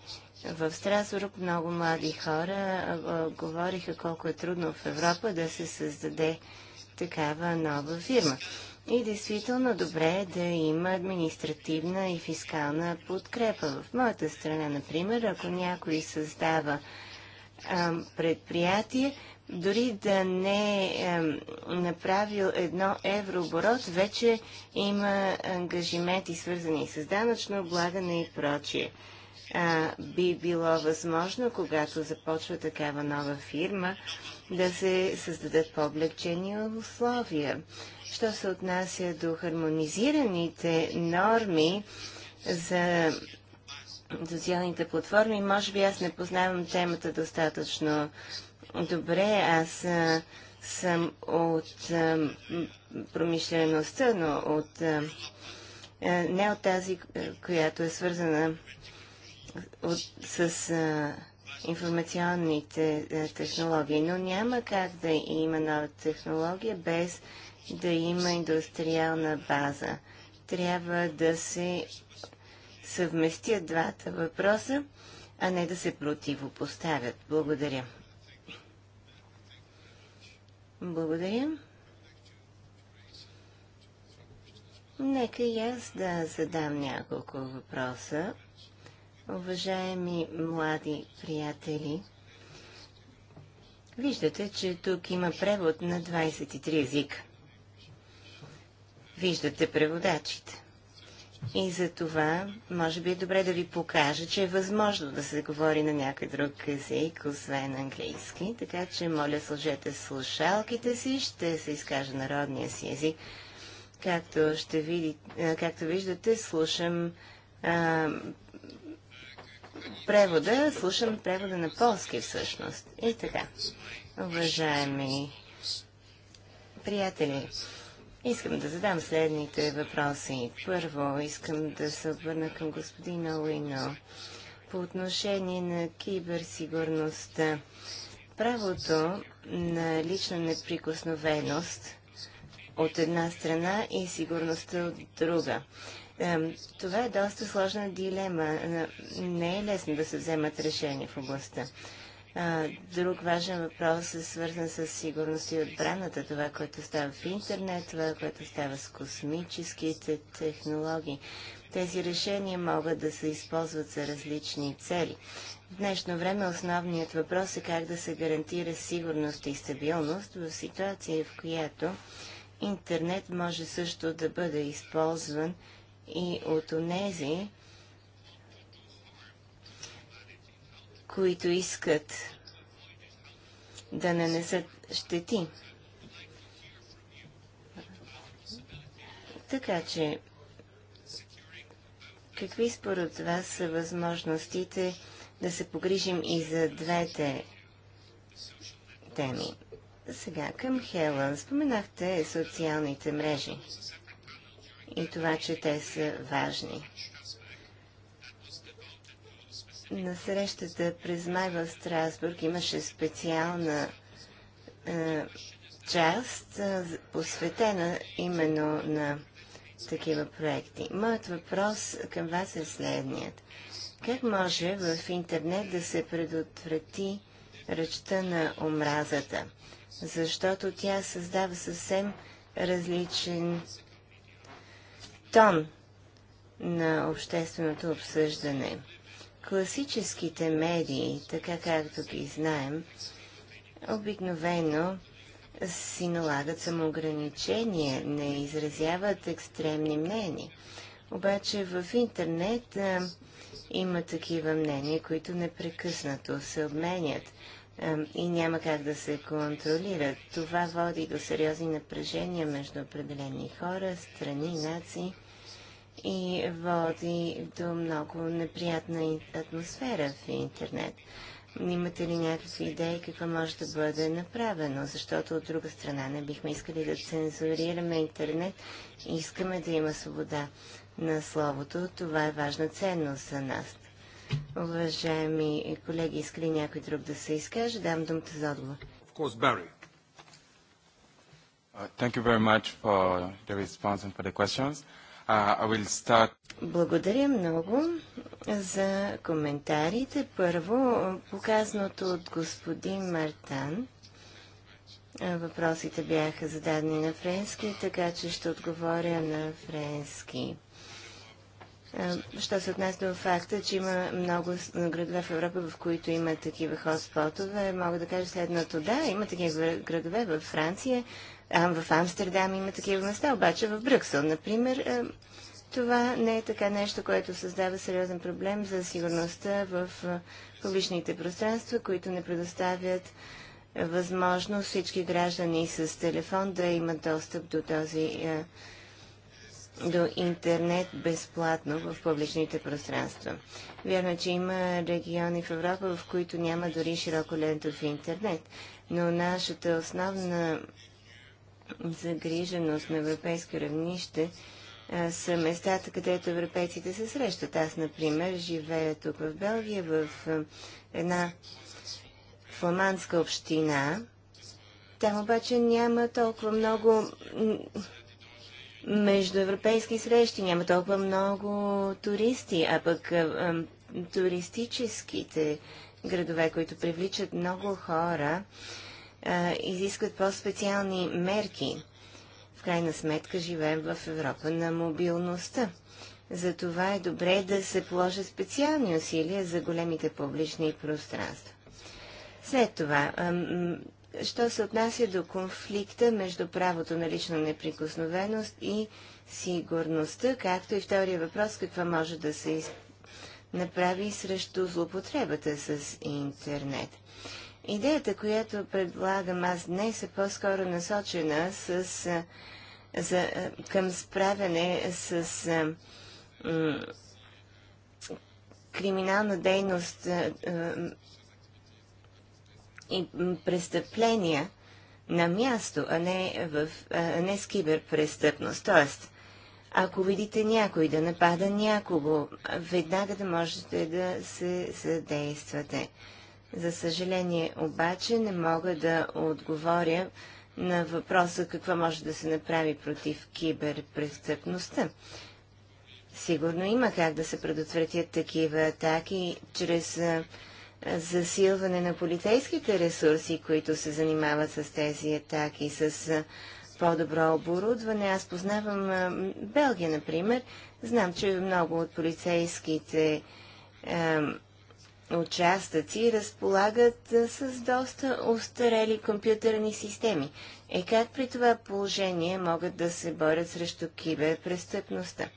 в Страсбург много млади хора говориха колко е трудно в Европа да се създаде такава нова фирма. И действително добре е да има административна и фискална подкрепа. В моята страна, например, ако някой създава предприятие, дори да не е направил едно еврооборот, вече има ангажименти свързани с данъчно облагане и прочие а, би било възможно, когато започва такава нова фирма, да се създадат по-облегчени условия. Що се отнася до хармонизираните норми за социалните платформи, може би аз не познавам темата достатъчно добре. Аз а, съм от а, промишлеността, но от, а, не от тази, която е свързана от, с а, информационните а, технологии. Но няма как да има нова технология без да има индустриална база. Трябва да се съвместят двата въпроса, а не да се противопоставят. Благодаря. Благодаря. Нека и аз да задам няколко въпроса Уважаеми млади приятели, виждате, че тук има превод на 23 езика. Виждате преводачите. И за това, може би е добре да ви покажа, че е възможно да се говори на някой друг език, освен английски. Така че, моля, сложете слушалките си, ще се изкажа народния си език. Както, ще види, както виждате, слушам превода, слушам превода на полски всъщност. И така, уважаеми приятели, искам да задам следните въпроси. Първо, искам да се обърна към господин Олино по отношение на киберсигурността. Правото на лична неприкосновеност от една страна и сигурността от друга. Това е доста сложна дилема. Не е лесно да се вземат решения в областта. Друг важен въпрос е свързан с сигурност и отбраната. Това, което става в интернет, това, което става с космическите технологии. Тези решения могат да се използват за различни цели. В днешно време основният въпрос е как да се гарантира сигурност и стабилност в ситуация, в която интернет може също да бъде използван и от онези, които искат да нанесат щети. Така че, какви според вас са възможностите да се погрижим и за двете теми? Сега към Хелън. Споменахте социалните мрежи и това, че те са важни. На срещата през май в Страсбург имаше специална е, част, е, посветена именно на такива проекти. Моят въпрос към вас е следният. Как може в интернет да се предотврати речта на омразата? Защото тя създава съвсем различен тон на общественото обсъждане. Класическите медии, така както ги знаем, обикновено си налагат самоограничения, не изразяват екстремни мнения. Обаче в интернет а, има такива мнения, които непрекъснато се обменят и няма как да се контролират. Това води до сериозни напрежения между определени хора, страни, нации и води до много неприятна атмосфера в интернет. Имате ли някакви идеи какво може да бъде направено? Защото от друга страна не бихме искали да цензурираме интернет. Искаме да има свобода на словото. Това е важна ценност за нас. Уважаеми колеги, иска ли някой друг да се изкаже? Давам думата за отговор. Of course, Barry. Uh, thank you very much for the response and for the questions. Uh, I will start... Благодаря много за коментарите. Първо, показаното от господин Мартан. Въпросите бяха зададени на френски, така че ще отговоря на френски. Е, що се отнася до факта, че има много градове в Европа, в които има такива хоспотове, мога да кажа следното. Да, има такива градове в Франция, а в Амстердам има такива места, обаче в Брюксел, например, е, това не е така нещо, което създава сериозен проблем за сигурността в е, публичните пространства, които не предоставят възможност всички граждани с телефон да имат достъп до този до интернет безплатно в публичните пространства. Вярно е, че има региони в Европа, в които няма дори широко лентов интернет, но нашата основна загриженост на европейско равнище са местата, където европейците се срещат. Аз, например, живея тук в Белгия, в една фламандска община. Там обаче няма толкова много между европейски срещи, няма толкова много туристи, а пък туристическите градове, които привличат много хора, изискват по-специални мерки. В крайна сметка живеем в Европа на мобилността. Затова е добре да се положат специални усилия за големите публични пространства. След това, що се отнася до конфликта между правото на лична неприкосновеност и сигурността, както и втория въпрос, какво може да се из... направи срещу злопотребата с интернет. Идеята, която предлагам аз днес е по-скоро насочена с, за, към справяне с криминална дейност и престъпления на място, а не, в, а не с киберпрестъпност. Тоест, ако видите някой да напада някого, веднага да можете да се съдействате. За съжаление обаче не мога да отговоря на въпроса какво може да се направи против киберпрестъпността. Сигурно има как да се предотвратят такива атаки чрез засилване на полицейските ресурси, които се занимават с тези атаки, с по-добро оборудване. Аз познавам Белгия, например. Знам, че много от полицейските участъци разполагат с доста устарели компютърни системи. Е как при това положение могат да се борят срещу киберпрестъпността?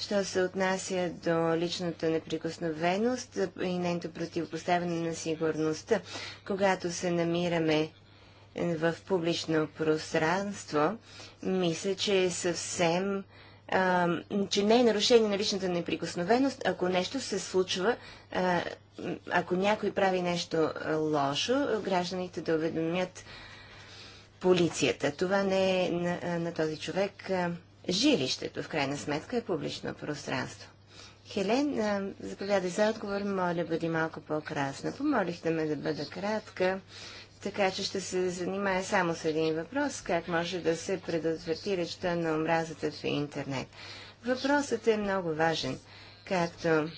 Що се отнася до личната неприкосновеност и нейното противопоставяне на сигурността, когато се намираме в публично пространство, мисля, че е съвсем че не е нарушение на личната неприкосновеност, ако нещо се случва, ако някой прави нещо лошо, гражданите да уведомят полицията. Това не е на, на този човек Жилището, в крайна сметка, е публично пространство. Хелен, заповядай за отговор, моля, бъди малко по-красна. Помолихте да ме да бъда кратка, така че ще се занимая само с един въпрос, как може да се предотврати речта на омразата в интернет. Въпросът е много важен. Както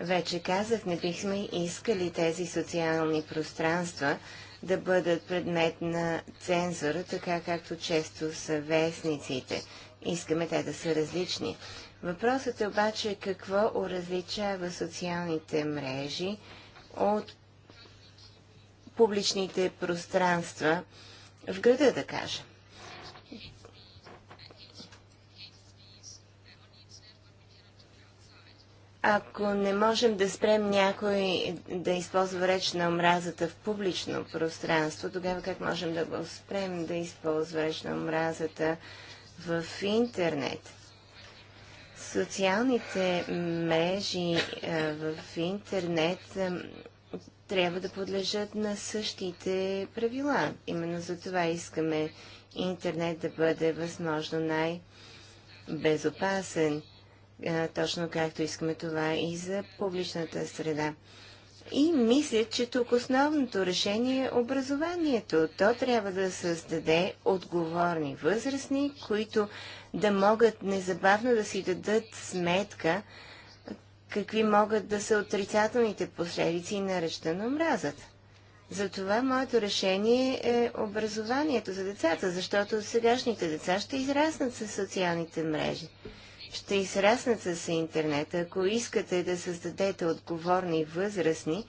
вече казах, не бихме искали тези социални пространства да бъдат предмет на цензура, така както често са вестниците искаме те да са различни. Въпросът е обаче какво различава социалните мрежи от публичните пространства в града, да кажем. Ако не можем да спрем някой да използва реч на омразата в публично пространство, тогава как можем да го спрем да използва реч на омразата в интернет. Социалните мрежи е, в интернет е, трябва да подлежат на същите правила. Именно за това искаме интернет да бъде възможно най-безопасен, е, точно както искаме това и за публичната среда. И мисля, че тук основното решение е образованието. То трябва да създаде отговорни възрастни, които да могат незабавно да си дадат сметка какви могат да са отрицателните последици на речта на омразата. Затова моето решение е образованието за децата, защото сегашните деца ще израснат със социалните мрежи ще израснат с интернет. Ако искате да създадете отговорни възрастни,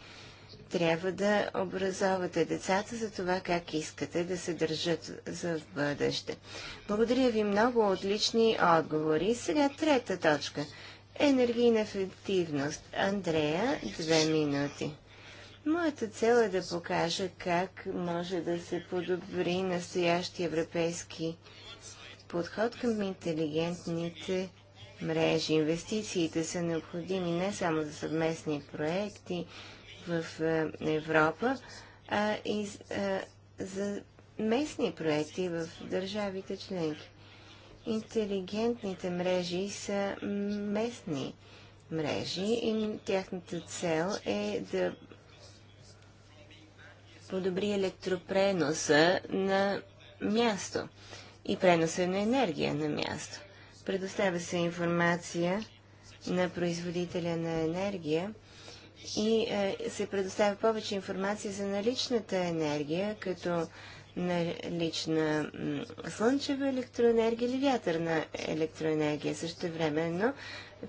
трябва да образовате децата за това как искате да се държат за бъдеще. Благодаря ви много отлични отговори. Сега трета точка. Енергийна ефективност. Андрея, две минути. Моята цел е да покажа как може да се подобри настоящия европейски подход към интелигентните мрежи. Инвестициите са необходими не само за съвместни проекти в е, Европа, а и е, за местни проекти в държавите членки. Интелигентните мрежи са местни мрежи и тяхната цел е да подобри електропреноса на място и преноса на енергия на място. Предоставя се информация на производителя на енергия и е, се предоставя повече информация за наличната енергия, като налична слънчева електроенергия или вятърна електроенергия. Също времено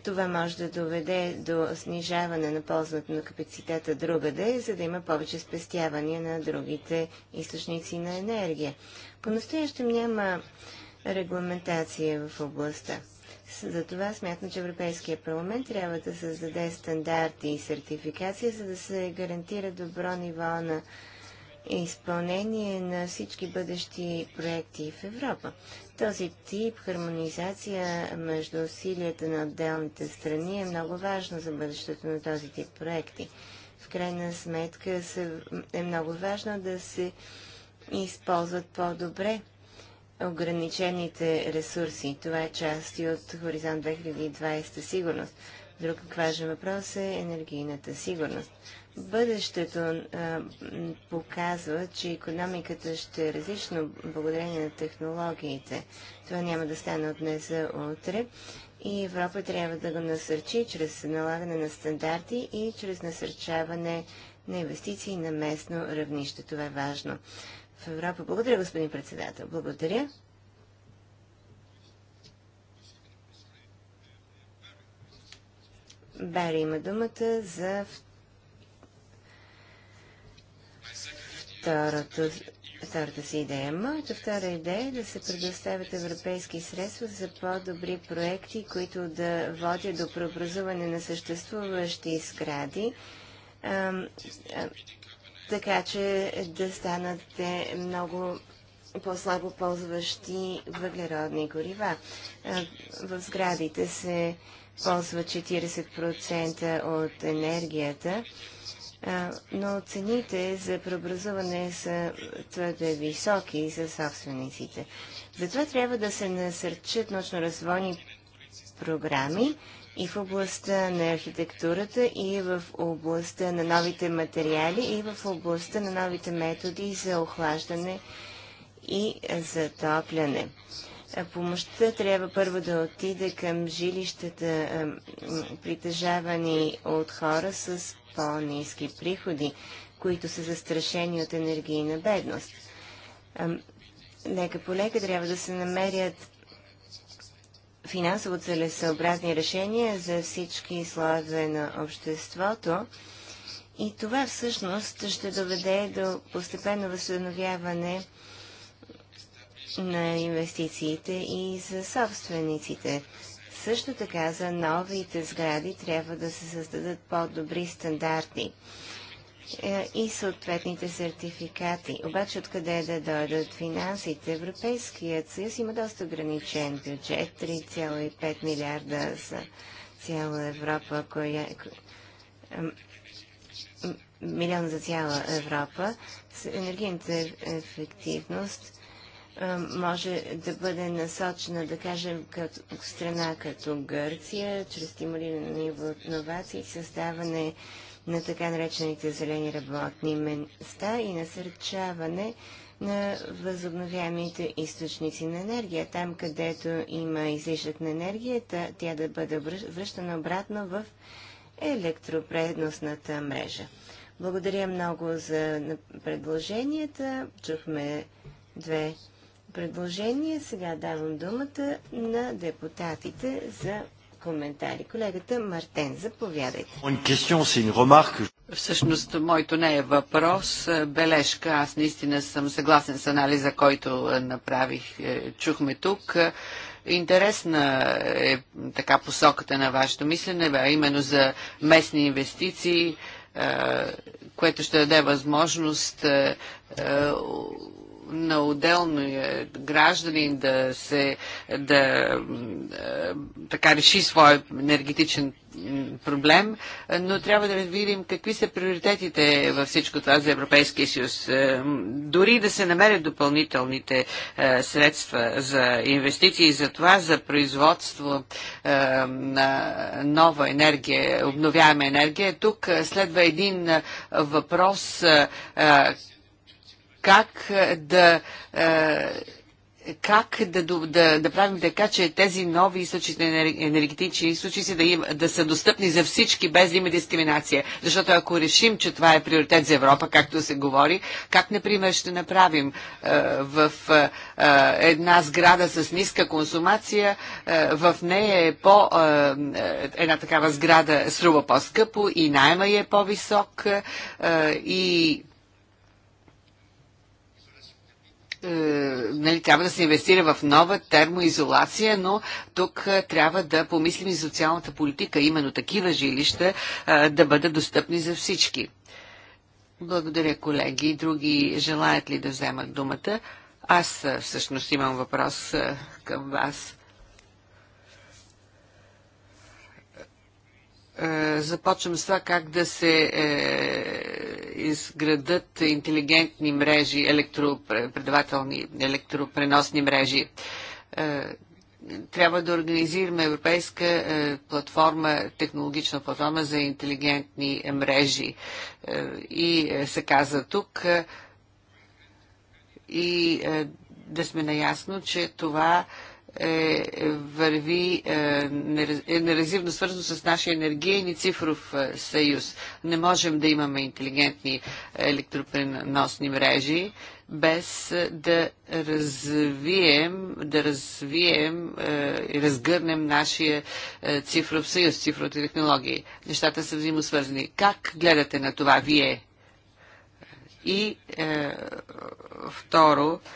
това може да доведе до снижаване на ползването на капацитета другаде, за да има повече спестявания на другите източници на енергия. По-настоящем няма регламентация в областта. Затова смятам, че Европейския парламент трябва да създаде стандарти и сертификация, за да се гарантира добро ниво на изпълнение на всички бъдещи проекти в Европа. Този тип хармонизация между усилията на отделните страни е много важно за бъдещето на този тип проекти. В крайна сметка е много важно да се използват по-добре ограничените ресурси. Това е част и от Хоризонт 2020 сигурност. Друг важен въпрос е енергийната сигурност. Бъдещето а, показва, че економиката ще е различно благодарение на технологиите. Това няма да стане от днес за утре. И Европа трябва да го насърчи чрез налагане на стандарти и чрез насърчаване на инвестиции на местно равнище. Това е важно в Европа. Благодаря, господин председател. Благодаря. Бари има думата за второто, втората си идея. Моята втора идея е да се предоставят европейски средства за по-добри проекти, които да водят до преобразуване на съществуващи сгради. А, а, така че да станат много по-слабо ползващи въглеродни горива. В сградите се ползва 40% от енергията, но цените за преобразуване са твърде високи за собствениците. Затова трябва да се насърчат научно-развойни програми, и в областта на архитектурата, и в областта на новите материали, и в областта на новите методи за охлаждане и затопляне. Помощта трябва първо да отиде към жилищата, притежавани от хора с по-низки приходи, които са застрашени от енергийна бедност. Лека по лека трябва да се намерят финансово целесъобразни решения за всички слоеве на обществото. И това всъщност ще доведе до постепенно възстановяване на инвестициите и за собствениците. Също така за новите сгради трябва да се създадат по-добри стандарти е, и съответните сертификати. Обаче откъде да дойдат финансите? Европейският съюз има доста ограничен бюджет. 3,5 милиарда за цяла Европа, коя... милион за цяла Европа. С енергийната ефективност може да бъде насочена, да кажем, като страна като Гърция, чрез стимулиране на иновации, създаване на така наречените зелени работни места и насърчаване на възобновяемите източници на енергия. Там, където има излишък на енергията, тя да бъде връщана обратно в електропредносната мрежа. Благодаря много за предложенията. Чухме две предложения. Сега давам думата на депутатите за коментари. Колегата Мартен, заповядайте. Всъщност, моето не е въпрос, е, бележка. Аз наистина съм съгласен с анализа, който е, направих, е, чухме тук. Интересна е така посоката на вашето мислене, а именно за местни инвестиции, което ще даде възможност на отделно е гражданин да се да, е, така реши своя енергетичен проблем, но трябва да видим какви са приоритетите във всичко това за Европейския съюз. Е, дори да се намерят допълнителните средства за инвестиции, за това за производство на нова енергия, обновяема енергия, тук следва един въпрос е, е, как да как да, да, да правим така, че тези нови източници енергетични източници да, им, да са достъпни за всички, без да има дискриминация. Защото ако решим, че това е приоритет за Европа, както се говори, как, например, ще направим е, в е, е една сграда с ниска консумация, е, в нея е по... Е, една такава сграда струва по-скъпо и найма е по-висок е, и Е, нали, трябва да се инвестира в нова термоизолация, но тук е, трябва да помислим и социалната политика, именно такива жилища е, да бъдат достъпни за всички. Благодаря, колеги. Други желаят ли да вземат думата? Аз всъщност имам въпрос към вас. Е, започвам с това как да се е, изградат интелигентни мрежи, електропредавателни, електропреносни мрежи. Е, трябва да организираме европейска е, платформа, технологична платформа за интелигентни мрежи. Е, и е, се каза тук е, и е, да сме наясно, че това е, е, върви е, е неразивно свързано с нашия енергиен и цифров е, съюз. Не можем да имаме интелигентни електропреносни мрежи без е, да развием, да развием и е, разгърнем нашия цифров съюз, цифровите технологии. Нещата са взаимосвързани. Как гледате на това вие? И е, второ, е,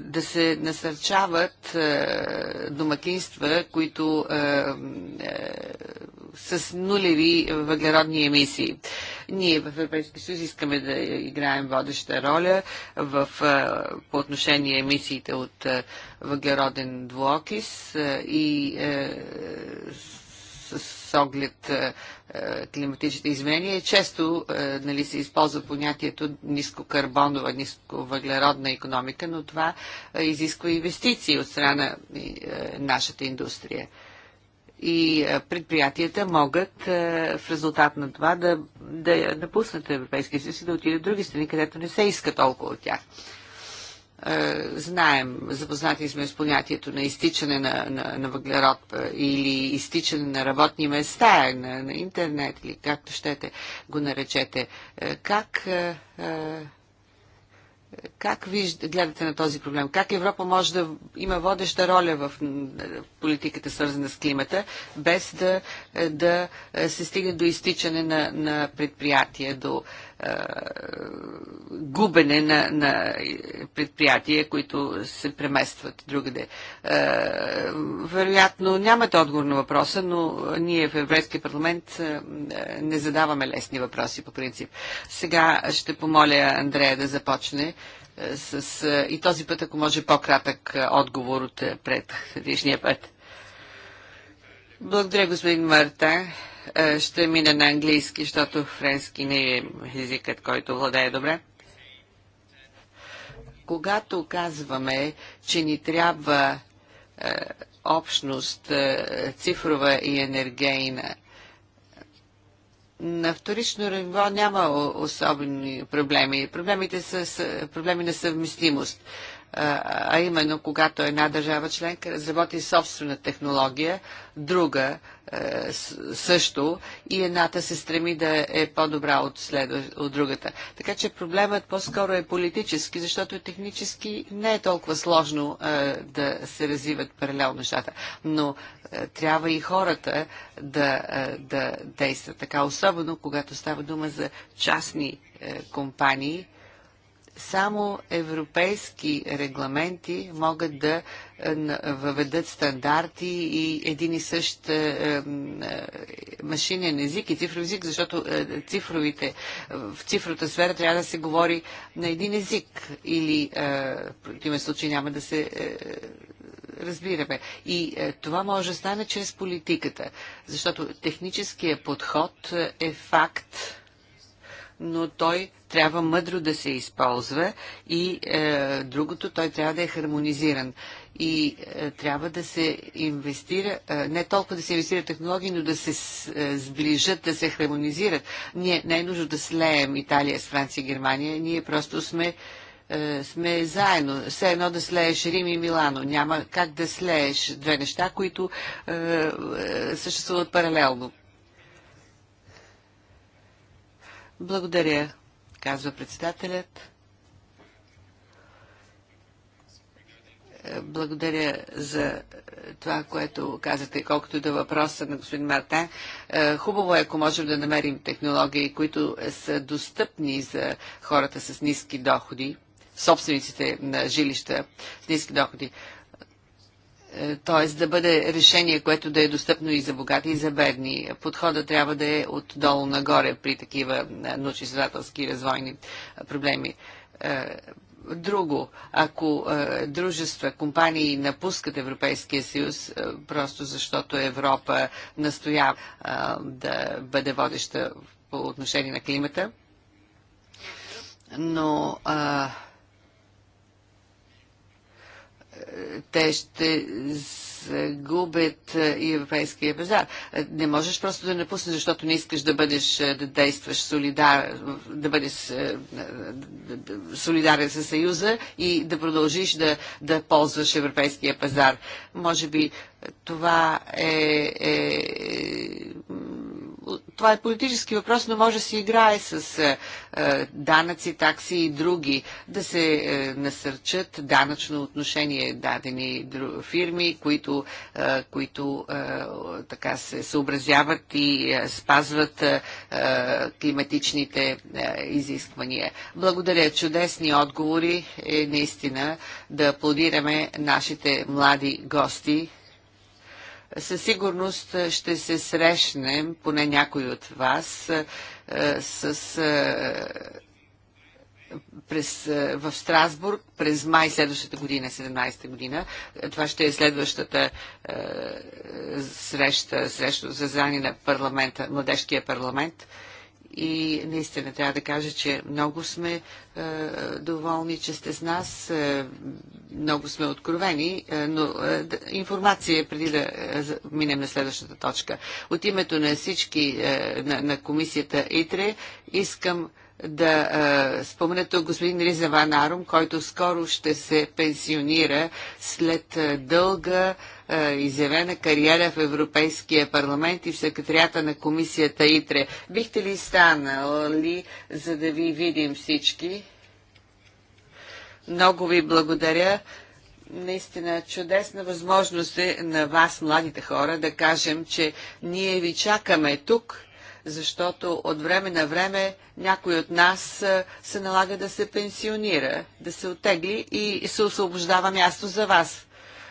да се насърчават домакинства, които с нулеви въглеродни емисии. Ние в Европейския съюз искаме да играем водеща роля в, по отношение емисиите от въглероден двуокис и с с оглед е, е, климатичните изменения. Често е, нали, се използва понятието нискокарбонова, нисковъглеродна економика, но това изисква инвестиции от страна нашата индустрия и предприятията могат в резултат на това да, да напуснат Европейския съюз и да отидат в други страни, където не се иска толкова от тях. Е, знаем, запознати сме с понятието на изтичане на, на, на въглерод е, или изтичане на работни места, на, на интернет или както щете го наречете. Е, как, как вижд, гледате на този проблем? Как Европа може да има водеща роля в политиката, свързана с климата, без да, да се стигне до изтичане на, на предприятия, до е, губене на, на предприятия, които се преместват другаде. Е, вероятно нямате отговор на въпроса, но ние в Европейския парламент е, не задаваме лесни въпроси по принцип. Сега ще помоля Андрея да започне с, и този път, ако може, по-кратък отговор от предишния път. Благодаря, господин Марта. Е, ще мина на английски, защото френски не е езикът, който владее добре. Когато казваме, че ни трябва е, общност е, цифрова и енергейна, на вторично ниво няма особени проблеми. Проблемите са проблеми на съвместимост а именно когато една държава членка разработи собствена технология, друга е, също и едната се стреми да е по-добра от, следва, от другата. Така че проблемът по-скоро е политически, защото технически не е толкова сложно е, да се развиват паралелно нещата. Но е, трябва и хората да, да действат така, особено когато става дума за частни компании, само европейски регламенти могат да е, въведат стандарти и един и същ е, е, машинен език и цифров език, защото цифровите, в цифровата сфера трябва да се говори на един език или в противен случай няма да се разбираме. И това може да стане чрез политиката, защото техническия подход е факт, но той трябва мъдро да се използва и е, другото, той трябва да е хармонизиран. И е, трябва да се инвестира, е, не толкова да се инвестира технологии, но да се е, сближат, да се хармонизират. Ние не е нужно да слеем Италия с Франция и Германия, ние просто сме е, сме заедно. Все едно да слееш Рим и Милано. Няма как да слееш две неща, които е, е, съществуват паралелно. Благодаря казва председателят. Благодаря за това, което казахте, колкото до въпроса на господин Мартан. Е, хубаво е, ако можем да намерим технологии, които са достъпни за хората с ниски доходи, собствениците на жилища с ниски доходи т.е. да бъде решение, което да е достъпно и за богати, и за бедни. Подхода трябва да е отдолу нагоре при такива научно-изследователски развойни проблеми. Е, друго, ако е, дружества, компании напускат Европейския съюз, е, просто защото Европа настоява е, да бъде водеща по отношение на климата, но е, те ще загубят е, и европейския пазар. Е, не можеш просто да напуснеш, защото не искаш да бъдеш, е, да действаш солидар, да бъдеш солидарен със Съюза и да продължиш да, да ползваш европейския пазар. Може би това е, е това е политически въпрос, но може да се играе с е, е, данъци, такси и други, да се е, насърчат данъчно отношение дадени фирми, които, е, които е, така се съобразяват и е, спазват климатичните изисквания. Благодаря, чудесни отговори е наистина да аплодираме нашите млади гости. Със сигурност ще се срещнем, поне някой от вас, с през, в Страсбург през май следващата година, 17-та година. Това ще е следващата среща, среща за заседание на парламента, младежкия парламент и наистина трябва да кажа, че много сме е, доволни, че сте с нас, е, много сме откровени, е, но е, информация е преди да е, минем на следващата точка. От името на всички е, на, на комисията ИТРЕ искам да е, спомена тук господин Риза Арум, който скоро ще се пенсионира след е, дълга е, изявена кариера в Европейския парламент и в секретарията на комисията ИТРЕ. Бихте ли станали, за да ви видим всички? Много ви благодаря. Наистина чудесна възможност е на вас, младите хора, да кажем, че ние ви чакаме тук, защото от време на време някой от нас е, се налага да се пенсионира, да се отегли и се освобождава място за вас.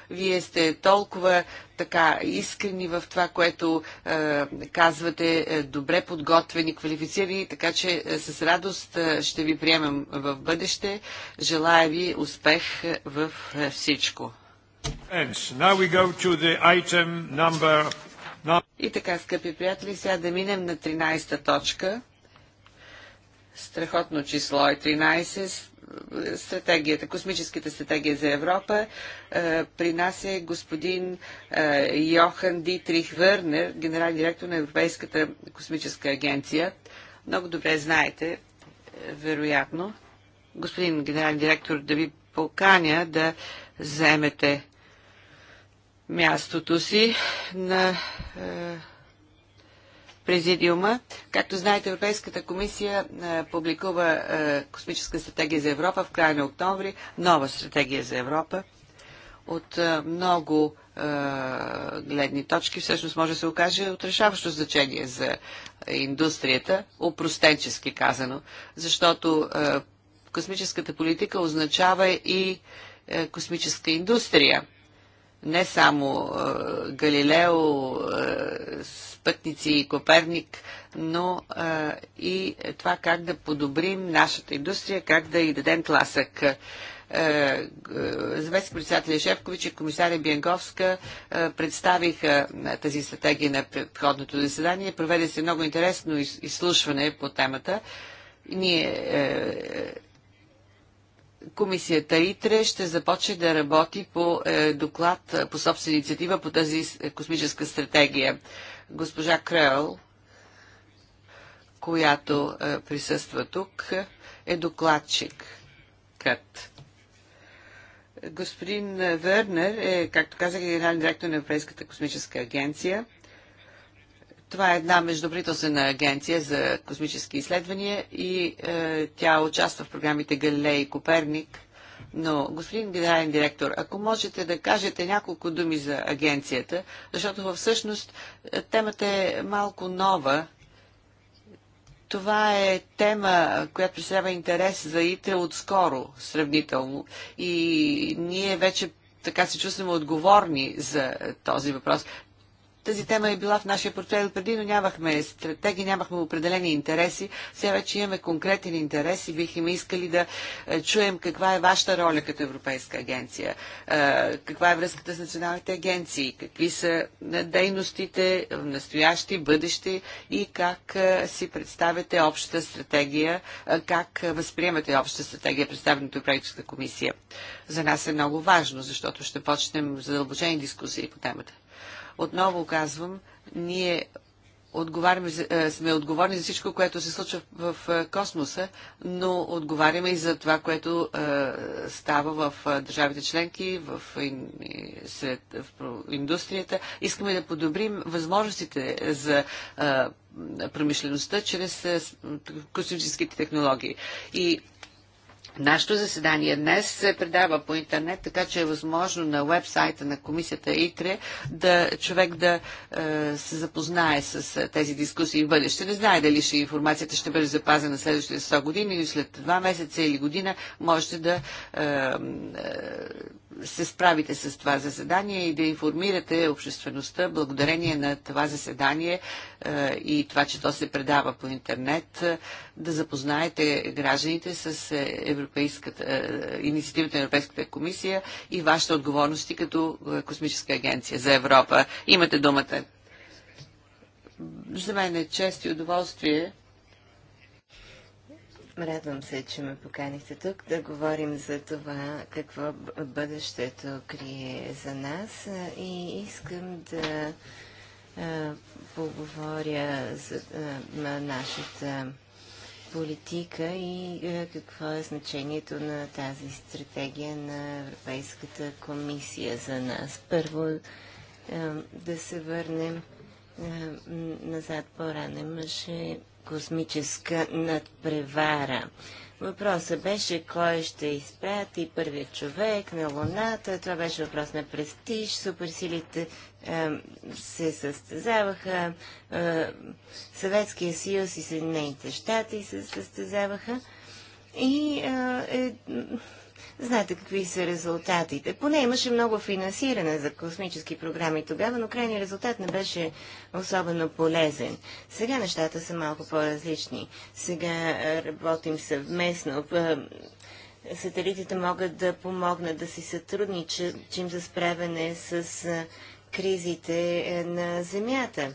Вие сте толкова така искрени в това, което е, казвате, е, добре подготвени, квалифицирани, така че е, с радост е, ще ви приемем в бъдеще. Желая ви успех в е, всичко. И така, скъпи приятели, сега да минем на 13-та точка. Страхотно число е 13 стратегията, космическата стратегия за Европа. Е, при нас е господин е, Йохан Дитрих Върнер, генерал директор на Европейската космическа агенция. Много добре знаете, е, вероятно. Господин генерален директор, да ви поканя да вземете мястото си на президиума. Както знаете, Европейската комисия публикува космическа стратегия за Европа в края на октомври, нова стратегия за Европа. От много гледни точки всъщност може да се окаже от решаващо значение за индустрията, упростенчески казано, защото космическата политика означава и космическа индустрия не само Галилео, Пътници и Коперник, но а, и това как да подобрим нашата индустрия, как да и дадем тласък. Заместник председателя Шевкович и комисаря Бянковска представиха тази стратегия на предходното заседание. Проведе се много интересно изслушване по темата. Ние е, Комисията ИТРЕ ще започне да работи по е, доклад по собствена инициатива по тази космическа стратегия госпожа Крел, която е, присъства тук, е докладчик. Кът. Господин Вернер е, както казах, генерален директор на Европейската космическа агенция. Това е една междуправителствена агенция за космически изследвания и е, тя участва в програмите Галилей и Коперник. Но, господин генерален директор, ако можете да кажете няколко думи за агенцията, защото всъщност е, темата е малко нова. Това е тема, която представлява интерес за ИТРЕ отскоро, сравнително. И ние вече така се чувстваме отговорни за този въпрос. Тази тема е била в нашия портфел преди, но нямахме стратегии, нямахме определени интереси. Сега вече имаме конкретен интерес и бихме искали да е, чуем каква е вашата роля като Европейска агенция, е, каква е връзката с националните агенции, какви са е, дейностите в настоящи, бъдещи и как си представяте общата стратегия, как възприемате общата стратегия, представена от Европейската комисия. За нас е много важно, защото ще почнем задълбочени дискусии по темата. Отново казвам, ние отговаряме, е, сме отговорни за всичко, което се случва в е, космоса, но отговаряме и за това, което е, става в държавите членки, в, индустрията. Искаме да подобрим възможностите за промишлеността чрез космическите технологии. И Нашето заседание днес се предава по интернет, така че е възможно на вебсайта на комисията ИТРЕ да човек да е, се запознае с е, тези дискусии в бъдеще. Не знае дали ще информацията ще бъде запазена следващите 100 години или след 2 месеца или година можете да е, е, се справите с това заседание и да информирате обществеността благодарение на това заседание е, и това, че то се предава по интернет, е, да запознаете гражданите с е, европейската, инициативата на Европейската комисия и вашите отговорности като Космическа агенция за Европа. Имате думата. За мен е чест и удоволствие Радвам се, че ме поканихте тук да говорим за това какво бъдещето крие за нас и искам да а, поговоря за а, нашата политика и а, какво е значението на тази стратегия на Европейската комисия за нас. Първо да се върнем назад по-рано. Имаше космическа надпревара. Въпросът беше кой ще изпрати първият човек на Луната. Това беше въпрос на престиж. Суперсилите е, се състезаваха. Е, Съветския съюз и Съединените щати се състезаваха. И е, е, Знаете какви са резултатите. Поне имаше много финансиране за космически програми тогава, но крайният резултат не беше особено полезен. Сега нещата са малко по-различни. Сега работим съвместно. Сателитите могат да помогнат да си сътрудничим за справяне с кризите на Земята.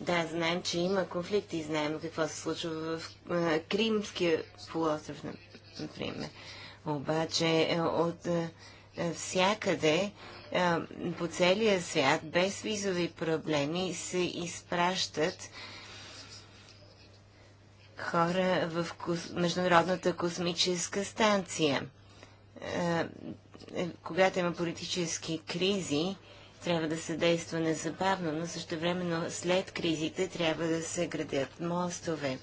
Да, знаем, че има конфликти, знаем какво се случва в Кримския полуостров, например обаче е, от е, всякъде е, по целия свят без визови проблеми се изпращат хора в Международната космическа станция. Когато има политически кризи, трябва да се действа незабавно, но също времено след кризите трябва да се градят мостове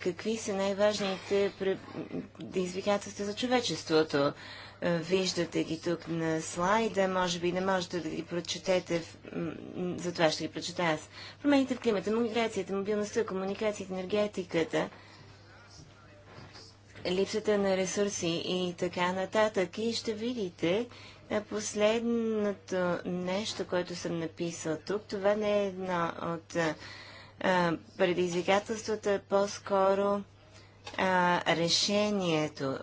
какви са най-важните предизвикателства за човечеството. Виждате ги тук на слайда, може би не можете да ги прочетете, затова ще ги прочета аз. Промените в климата, миграцията, мобилността, комуникацията, енергетиката, липсата на ресурси и така нататък. И ще видите последното нещо, което съм написал тук. Това не е едно от предизвикателствата, е по-скоро решението.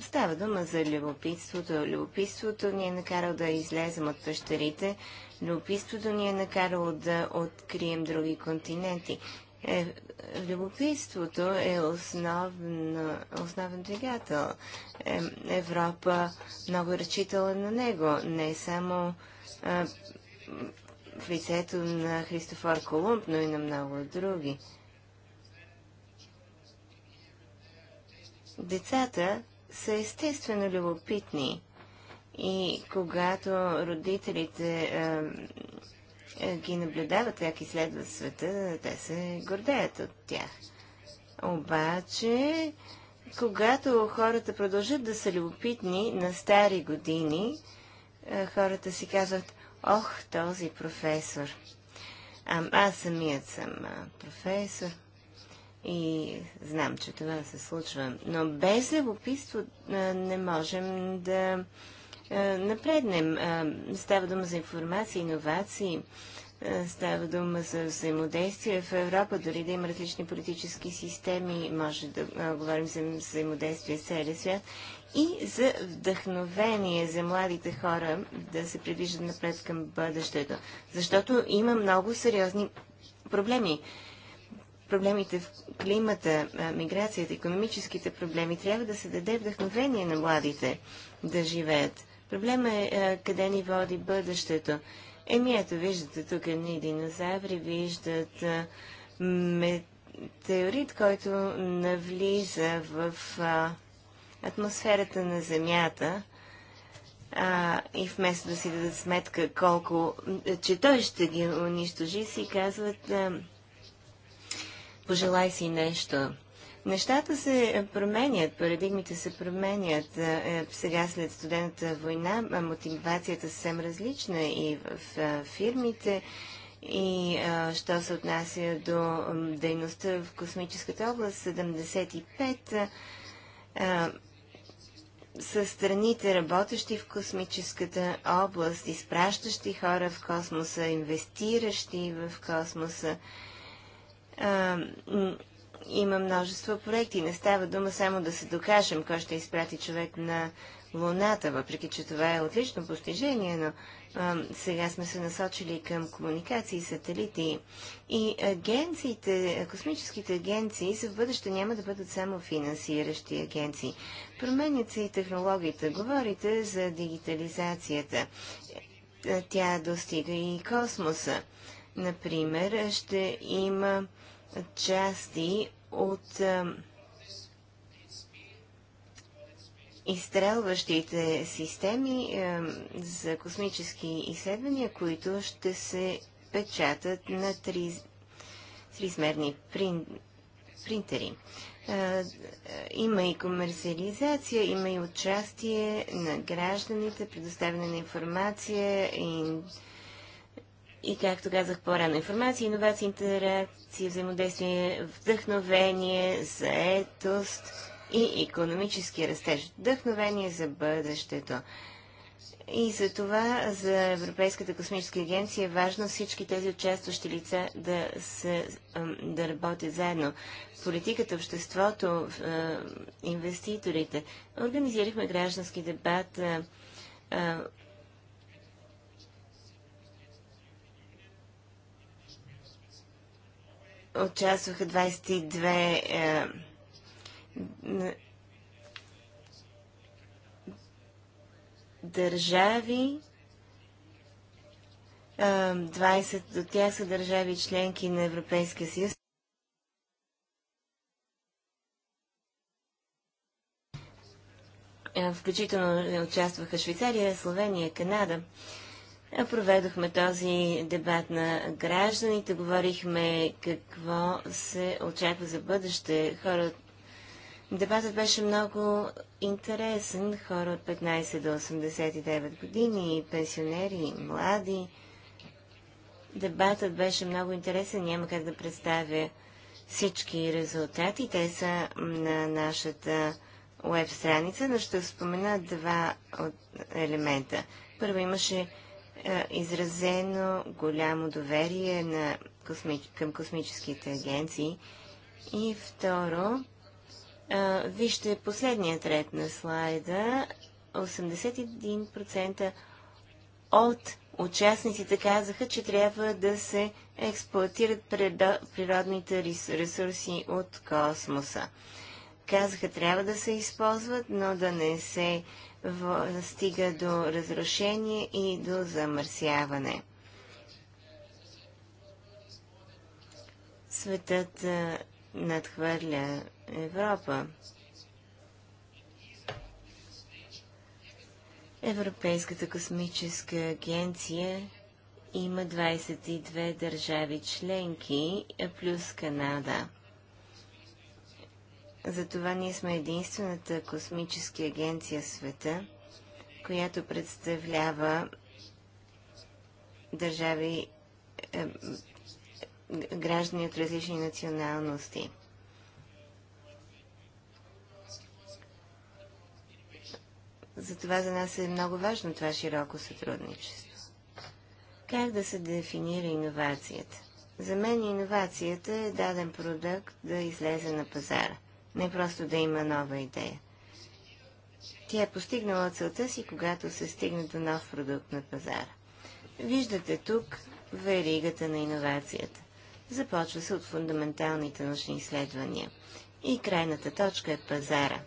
Става дума за любопитството. Любопитството ни е накарало да излезем от пещерите. Любопитството ни е накарало да открием други континенти. Е, любопитството е основно, основен двигател. Е, Европа много е на него. Не само в лицето на Христофор Колумб, но и на много други. Децата са естествено любопитни и когато родителите е, ги наблюдават как изследват света, те се гордеят от тях. Обаче, когато хората продължат да са любопитни на стари години, е, хората си казват – Ох, този професор. А, аз самият съм а, професор и знам, че това се случва. Но без любопитство а, не можем да а, напреднем. А, става дума за информация, иновации, е, става дума за взаимодействие в Европа, дори да има различни политически системи, може да а, говорим за взаимодействие с целия свят и за вдъхновение за младите хора да се придвижат напред към бъдещето. Защото има много сериозни проблеми. Проблемите в климата, миграцията, економическите проблеми трябва да се даде вдъхновение на младите да живеят. Проблема е къде ни води бъдещето. Еми ето, виждате тук едни динозаври, виждат а, метеорит, който навлиза в а, атмосферата на Земята а, и вместо да си дадат сметка колко, че той ще ги унищожи, си казват а, пожелай си нещо. Нещата се променят, парадигмите се променят. Е, е, сега след студената война мотивацията е съвсем различна е и в фирмите, и а, що се отнася до дейността в космическата област, 75 а, са страните, работещи в космическата област, изпращащи хора в космоса, инвестиращи в космоса. А, има множество проекти. Не става дума само да се докажем кой ще изпрати човек на Луната, въпреки че това е отлично постижение, но а, сега сме се насочили към комуникации, сателити и агенциите, космическите агенции за бъдеще няма да бъдат само финансиращи агенции. Променят се и технологията. Говорите за дигитализацията. Тя достига и космоса. Например, ще има части от изстрелващите системи за космически изследвания, които ще се печатат на три, тризмерни прин, принтери. има и комерциализация, има и участие на гражданите, предоставяне на информация и, и както казах по-рано, информация, иновации, интеракт, инвестиции, взаимодействие, вдъхновение, заетост и економически растеж. Вдъхновение за бъдещето. И за това за Европейската космическа агенция е важно всички тези участващи лица да, се, да работят заедно. Политиката, обществото, инвеститорите. Организирахме граждански дебат участваха 22 е, държави. 20 е, от тях са държави членки на Европейския съюз. Е, включително участваха Швейцария, Словения, Канада. Проведохме този дебат на гражданите, говорихме какво се очаква за бъдеще. Хора... Дебатът беше много интересен. Хора от 15 до 89 години, пенсионери, млади. Дебатът беше много интересен. Няма как да представя всички резултати. Те са на нашата веб страница, но ще спомена два от елемента. Първо имаше е, изразено голямо доверие на косми... към космическите агенции. И второ, а, е, вижте последният ред на слайда. 81% от участниците казаха, че трябва да се експлуатират природните ресурси от космоса. Казаха, трябва да се използват, но да не се стига до разрушение и до замърсяване. Светът надхвърля Европа. Европейската космическа агенция има 22 държави членки, плюс Канада – затова ние сме единствената космически агенция в света, която представлява държави, е, граждани от различни националности. Затова за нас е много важно това широко сътрудничество. Как да се дефинира иновацията? За мен иновацията е даден продукт да излезе на пазара не просто да има нова идея. Тя е постигнала целта си, когато се стигне до нов продукт на пазара. Виждате тук веригата на иновацията. Започва се от фундаменталните научни изследвания. И крайната точка е пазара.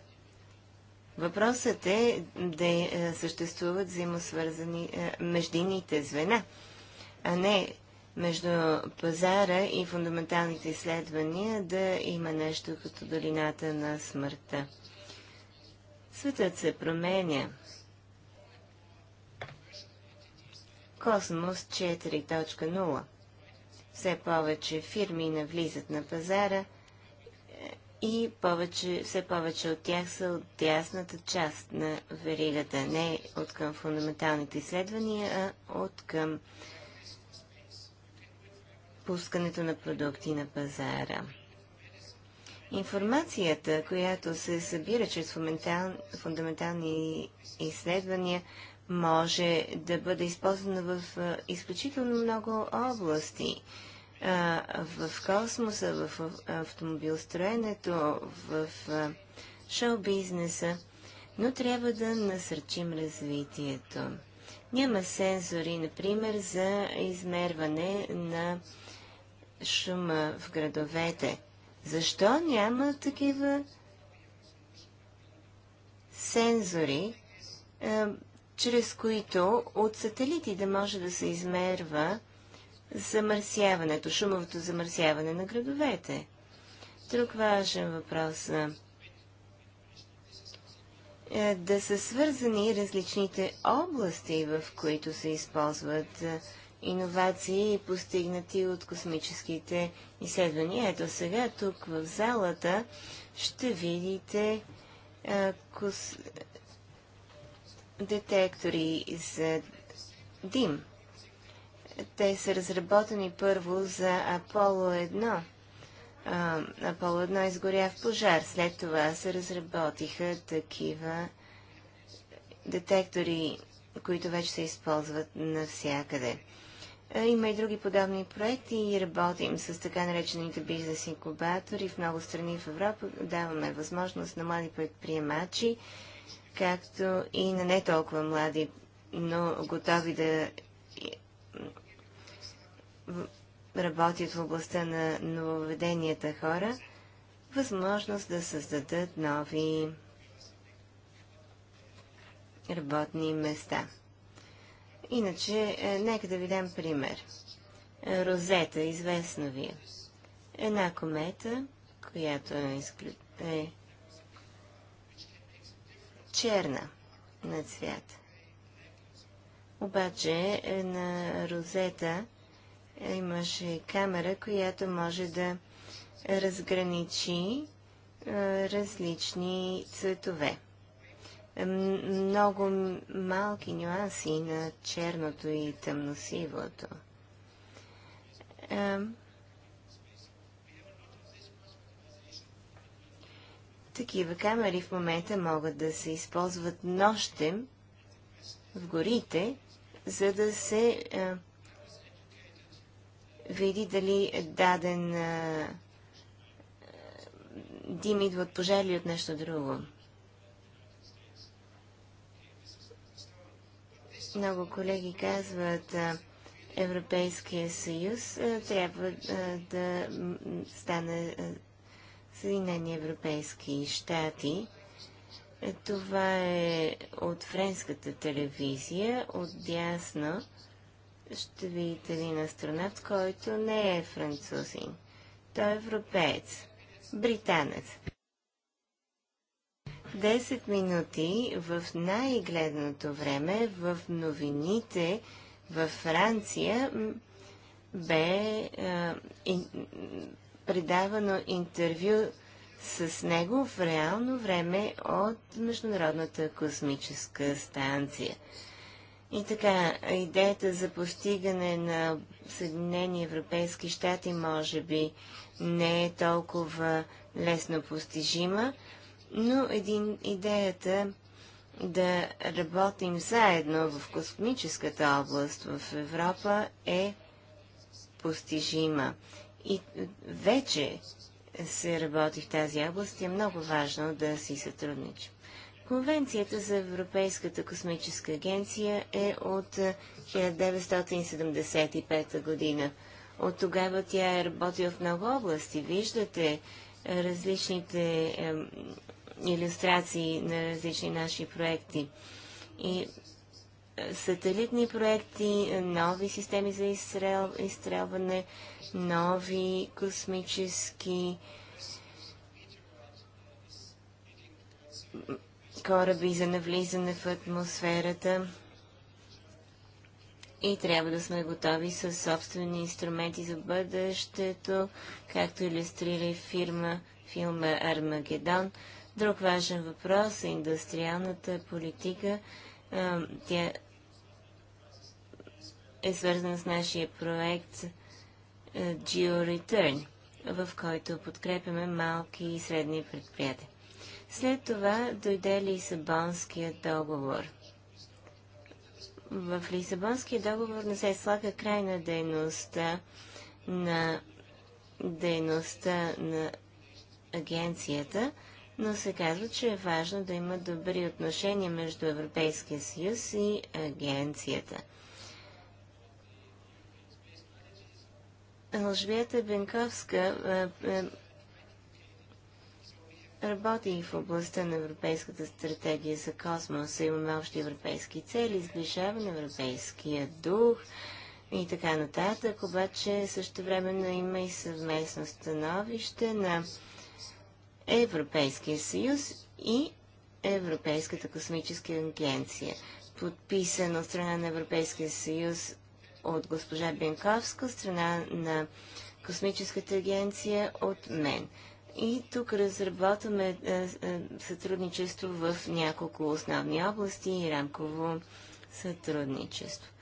Въпросът е да е, съществуват взаимосвързани е, междинните звена, а не между пазара и фундаменталните изследвания да има нещо като долината на смъртта. Светът се променя. Космос 4.0 Все повече фирми навлизат на пазара е, и повече, все повече от тях са от дясната част на веригата. Не от към фундаменталните изследвания, а от към пускането на продукти на пазара. Информацията, която се събира чрез фундаментални изследвания, може да бъде използвана в изключително много области. В космоса, в автомобилстроенето, в шоу-бизнеса, но трябва да насърчим развитието. Няма сензори, например, за измерване на шума в градовете. Защо няма такива сензори, чрез които от сателити да може да се измерва замърсяването, шумовото замърсяване на градовете? Друг важен въпрос е да са свързани различните области, в които се използват иновации, постигнати от космическите изследвания. Ето сега, тук в залата, ще видите а, кос... детектори за дим. Те са разработени първо за Аполо 1. Аполло Аполо 1 изгоря в пожар. След това се разработиха такива детектори, които вече се използват навсякъде. Е, има и други подобни проекти и работим с така наречените бизнес инкубатори в много страни в Европа. Даваме възможност на млади предприемачи, както и на не толкова млади, но готови да работят в областта на нововведенията хора, възможност да създадат нови работни места. Иначе, е, нека да ви дам пример. Е, розета, известна ви е. Една комета, която е, изклю... е черна на цвят. Обаче е, на розета имаше камера, която може да разграничи различни цветове много малки нюанси на черното и тъмносивото. Такива камери в момента могат да се използват нощем в горите, за да се а, види дали даден а, дим идва от пожар или от нещо друго. много колеги казват, Европейския съюз трябва да стане Съединени Европейски щати. Това е от френската телевизия, от дясно. Ще видите един астронавт, който не е французин. Той е европеец, британец. 10 минути в най-гледното време в новините във Франция бе е, ин, предавано интервю с него в реално време от Международната космическа станция. И така, идеята за постигане на Съединени Европейски щати може би не е толкова лесно постижима, но един, идеята да работим заедно в космическата област в Европа е постижима. И вече се работи в тази област и е много важно да си сътрудничим. Конвенцията за Европейската космическа агенция е от 1975 година. От тогава тя е работила в много области. Виждате различните иллюстрации на различни наши проекти. И е, сателитни проекти, нови системи за изстрелване, нови космически кораби за навлизане в атмосферата. И трябва да сме готови с собствени инструменти за бъдещето, както иллюстрира и фирма, филма Армагедон – Друг важен въпрос е индустриалната политика. Тя е свързана с нашия проект GeoReturn, в който подкрепяме малки и средни предприятия. След това дойде Лисабонския договор. В Лисабонския договор не се слага край на дейността на дейността на агенцията, но се казва, че е важно да има добри отношения между Европейския съюз и агенцията. Лъжбията Бенковска работи и в областта на Европейската стратегия за космоса. Имаме общи европейски цели, сближаване, европейския дух и така нататък. Обаче също времено има и съвместно становище на Европейския съюз и Европейската космическа агенция, подписан от страна на Европейския съюз от госпожа Бенковска, страна на Космическата агенция от мен. И тук разработваме сътрудничество в няколко основни области и рамково сътрудничество.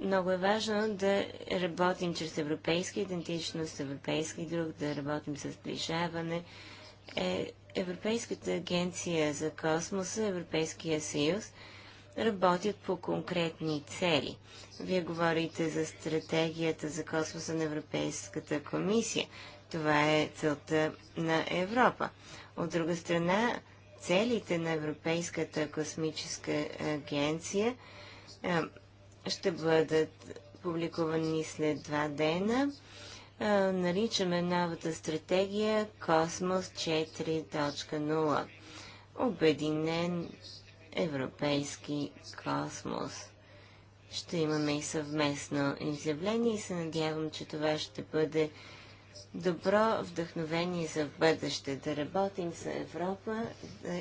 Много е важно да работим чрез европейска идентичност, европейски друг, да работим с сближаване. Е, Европейската агенция за космоса, Европейския съюз работят по конкретни цели. Вие говорите за стратегията за космоса на Европейската комисия. Това е целта на Европа. От друга страна, целите на Европейската космическа агенция е, ще бъдат публикувани след два дена. наричаме новата стратегия Космос 4.0. Обединен европейски космос. Ще имаме и съвместно изявление и се надявам, че това ще бъде добро вдъхновение за бъдеще, да работим за Европа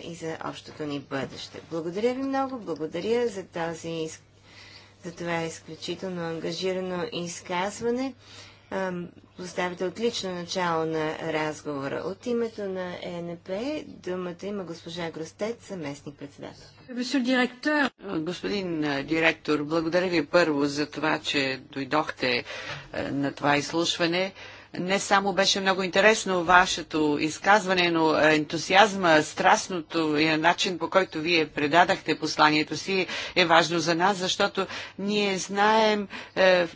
и за общото ни бъдеще. Благодаря ви много, благодаря за този изключение за това е изключително ангажирано изказване. Поставяте отлично начало на разговора. От името на ЕНП думата има госпожа Гростет, съместник председател. Господин директор, благодаря ви първо за това, че дойдохте на това изслушване. Не само беше много интересно вашето изказване, но ентусиазма, страстното и начин по който вие предадахте посланието си е важно за нас, защото ние знаем е,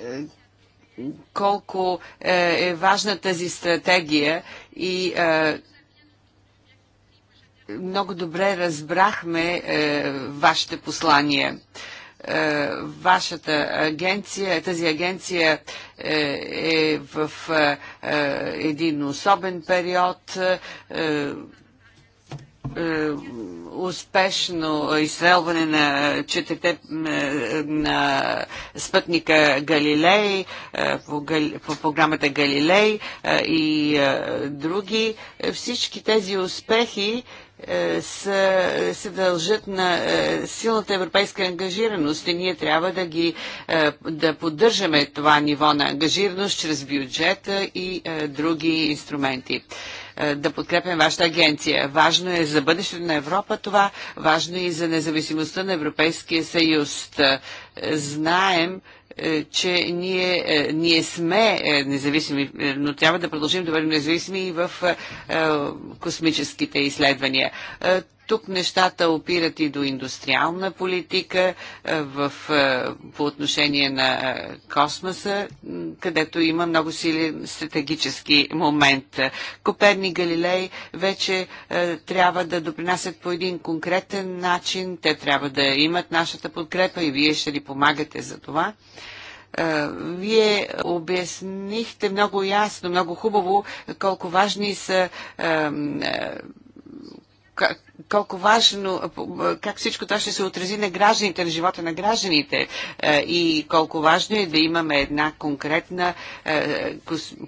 е колко е, е важна тази стратегия и е, много добре разбрахме е, вашите послания. Е, вашата агенция, тази агенция е, е в е, един особен период успешно изстрелване на четете на спътника Галилей по, по програмата Галилей и други. Всички тези успехи е, са, се дължат на е, силната европейска ангажираност и ние трябва да ги е, да поддържаме това ниво на ангажираност чрез бюджета и други инструменти да подкрепям вашата агенция. Важно е за бъдещето на Европа това, важно е и за независимостта на Европейския съюз. Знаем, е, че ние, е, ние сме е, независими, но трябва да продължим да бъдем независими и в космическите изследвания. Тук нещата опират и до индустриална политика е, в, е, по отношение на е, космоса, където има много силен стратегически момент. Коперни Галилей вече трябва да допринасят по един конкретен начин. Те трябва да имат нашата подкрепа и вие ще ни помагате за това. Вие обяснихте много ясно, много хубаво колко важни са колко важно, как всичко това ще се отрази на гражданите, на живота на гражданите е, и колко важно е да имаме една конкретна е,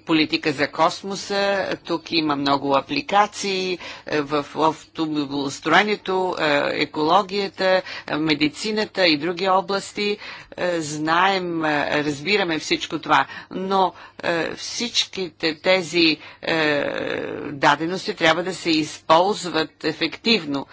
политика за космоса. Тук има много апликации е, в автомобилостроенето, екологията, медицината и други области. Знаем, разбираме всичко това, но всичките тези дадености трябва да се използват ефективно ефективно,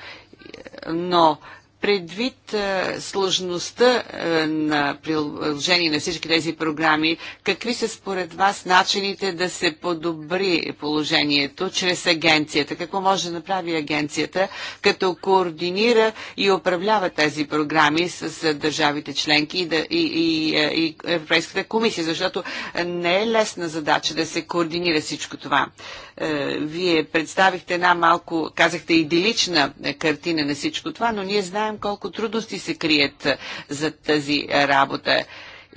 но предвид е, сложността е, на приложение на всички тези програми, какви са според вас начините да се подобри положението чрез агенцията? Какво може да направи агенцията, като координира и управлява тези програми с държавите членки и, да, и, и, е, и Европейската комисия? Защото не е лесна задача да се координира всичко това. Е, вие представихте една малко, казахте, идилична картина на всичко това, но ние знаем колко трудности се крият за тази работа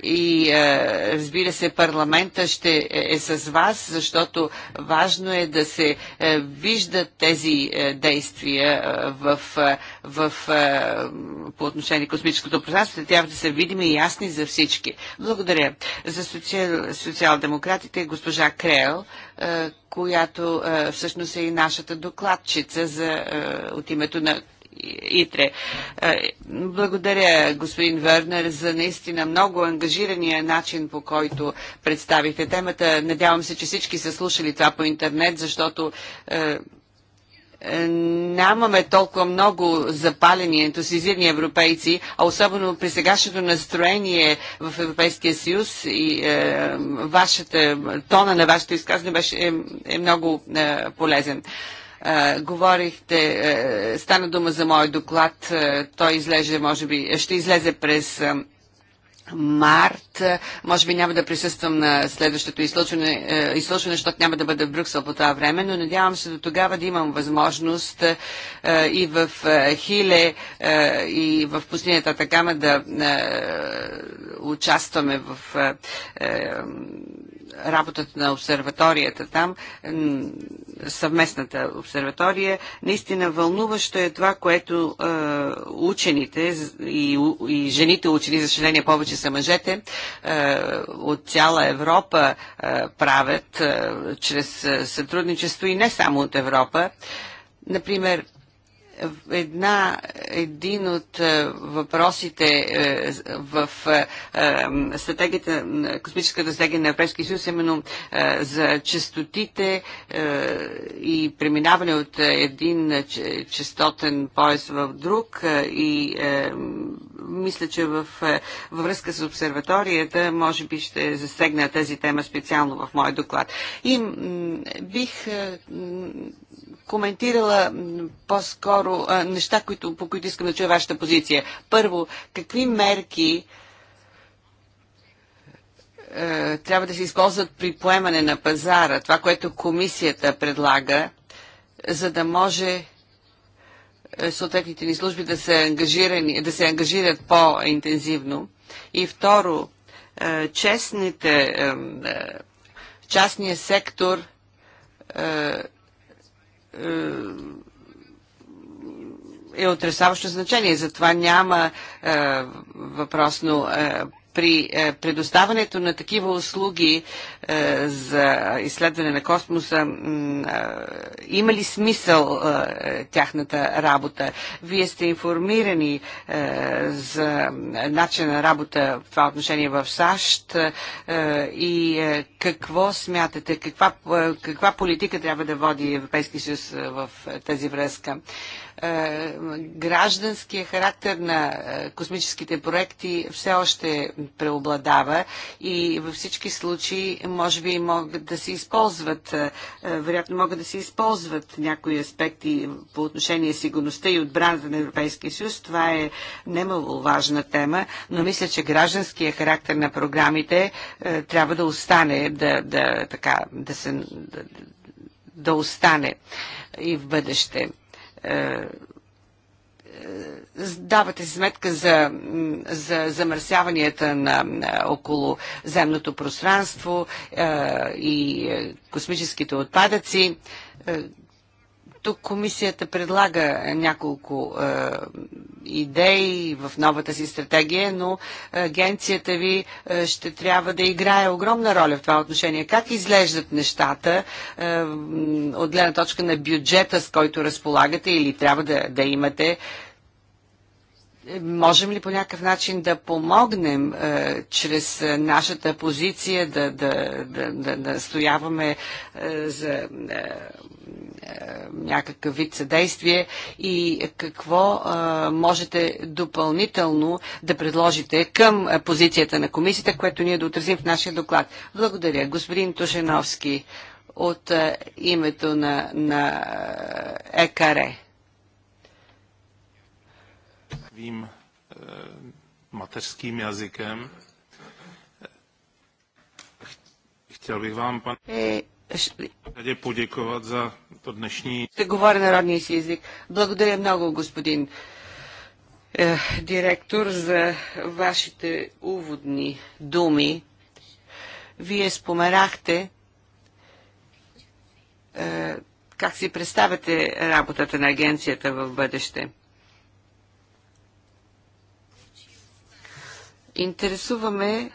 и е, разбира се парламента ще е, е с вас, защото важно е да се е, виждат тези действия в, в, по отношение на космическото пространство. Те трябва да са видими и ясни за всички. Благодаря. За социал, социал-демократите госпожа Крел, която всъщност е и нашата докладчица за, от името на ИТРЕ. Е, благодаря, господин Вернер, за наистина много ангажирания начин, по който представихте темата. Надявам се, че всички са слушали това по интернет, защото е, е, нямаме толкова много запалени, ентусизирани европейци, а особено при сегашното настроение в Европейския съюз и е, вашата, тона на вашето изказване беше, е, е много е, полезен. Е, говорихте, е, стана дума за мой доклад, е, той излезе, може би, ще излезе през е, март. Може би няма да присъствам на следващото изслушване, е, изслушване, защото няма да бъда в Брюксел по това време, но надявам се до тогава да имам възможност и в Хиле, и в пустинята Такама да участваме в работата на обсерваторията там, съвместната обсерватория. Наистина вълнуващо е това, което е, учените и, и жените учени, за съжаление повече са мъжете, е, от цяла Европа е, правят е, чрез сътрудничество и не само от Европа. Например, Една, един от е, въпросите е, в е, стратегията, космическата стратегия на Европейския съюз, именно за частотите и преминаване от един частотен пояс в друг и мисля, че в, във връзка с обсерваторията, може би ще засегна тези тема специално в моя доклад. И бих коментирала по-скоро неща, които, по които искам да чуя вашата позиция. Първо, какви мерки е, трябва да се използват при поемане на пазара, това, което комисията предлага, за да може е, съответните ни служби да се, ангажирани, да се ангажират по-интензивно. И второ, е, честните, е, частния сектор е, е, е отрешаващо значение. Затова няма е, въпросно е, при е, предоставането на такива услуги е, за изследване на космоса, е, има ли смисъл тяхната работа? Вие сте информирани за начин на работа в това отношение в САЩ и какво смятате, каква, каква политика трябва да води Европейски съюз в тази връзка? Е, гражданския характер на е, космическите проекти все още преобладава и във всички случаи може би могат да се използват, е, вероятно могат да се използват някои аспекти по отношение сигурността и отбраната на Европейския съюз. Това е немаловажна тема, но мисля, че гражданския характер на програмите трябва да остане, да, да, така, да, се, да, да остане и в бъдеще. Е, давате си сметка за, за замърсяванията на, на около земното пространство е, и е, космическите отпадъци. Е, тук комисията предлага няколко е, идеи в новата си стратегия, но агенцията ви е, ще трябва да играе огромна роля в това отношение. Как изглеждат нещата е, от гледна точка на бюджета, с който разполагате или трябва да, да имате? Е, можем ли по някакъв начин да помогнем е, чрез е, нашата позиция да, да, да, да, настояваме е, за е, е, някакъв вид съдействие и какво е, можете допълнително да предложите към е, позицията на комисията, което ние да отразим в нашия доклад. Благодаря. Господин Тушеновски от е, името на, на е, ЕКАРЕ svým eh, mateřským jazykem. Chtěl bych vám, pane Радя eh, poděkovat za to dnešní... Ще говоря народния си език. Благодаря много, господин eh, директор, за вашите уводни думи. Вие споменахте как си представяте работата на агенцията в бъдеще. интересуваме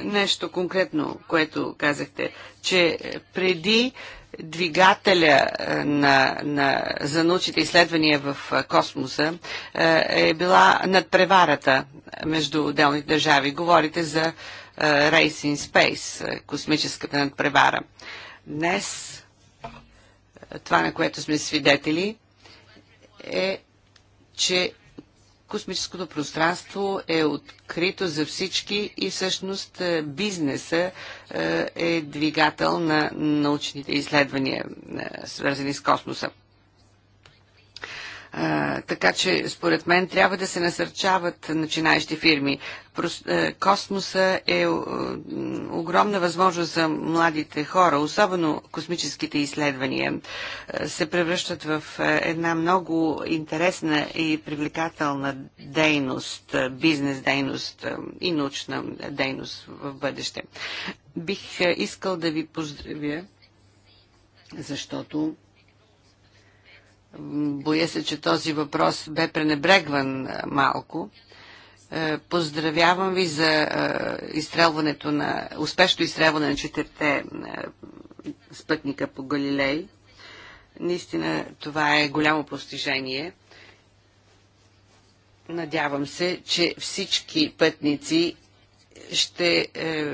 нещо конкретно, което казахте, че преди двигателя е, на, на, за научните изследвания в е, космоса е, е била надпреварата между отделните държави. Говорите за Race in Space, космическата надпревара. Днес това, на което сме свидетели, е, че космическото пространство е открито за всички и всъщност е, бизнеса е, е двигател на научните изследвания, е, свързани с космоса така че според мен трябва да се насърчават начинаещи фирми. Е, космоса е огромна възможност за младите хора, особено космическите изследвания е, се превръщат в е, една много интересна и привлекателна дейност, бизнес дейност и научна дейност в бъдеще. Бих искал да ви поздравя, защото Боя се, че този въпрос бе пренебрегван е, малко. Е, поздравявам ви за е, изстрелването на, успешно изстрелване на четирите спътника по Галилей. Наистина това е голямо постижение. Надявам се, че всички пътници ще е,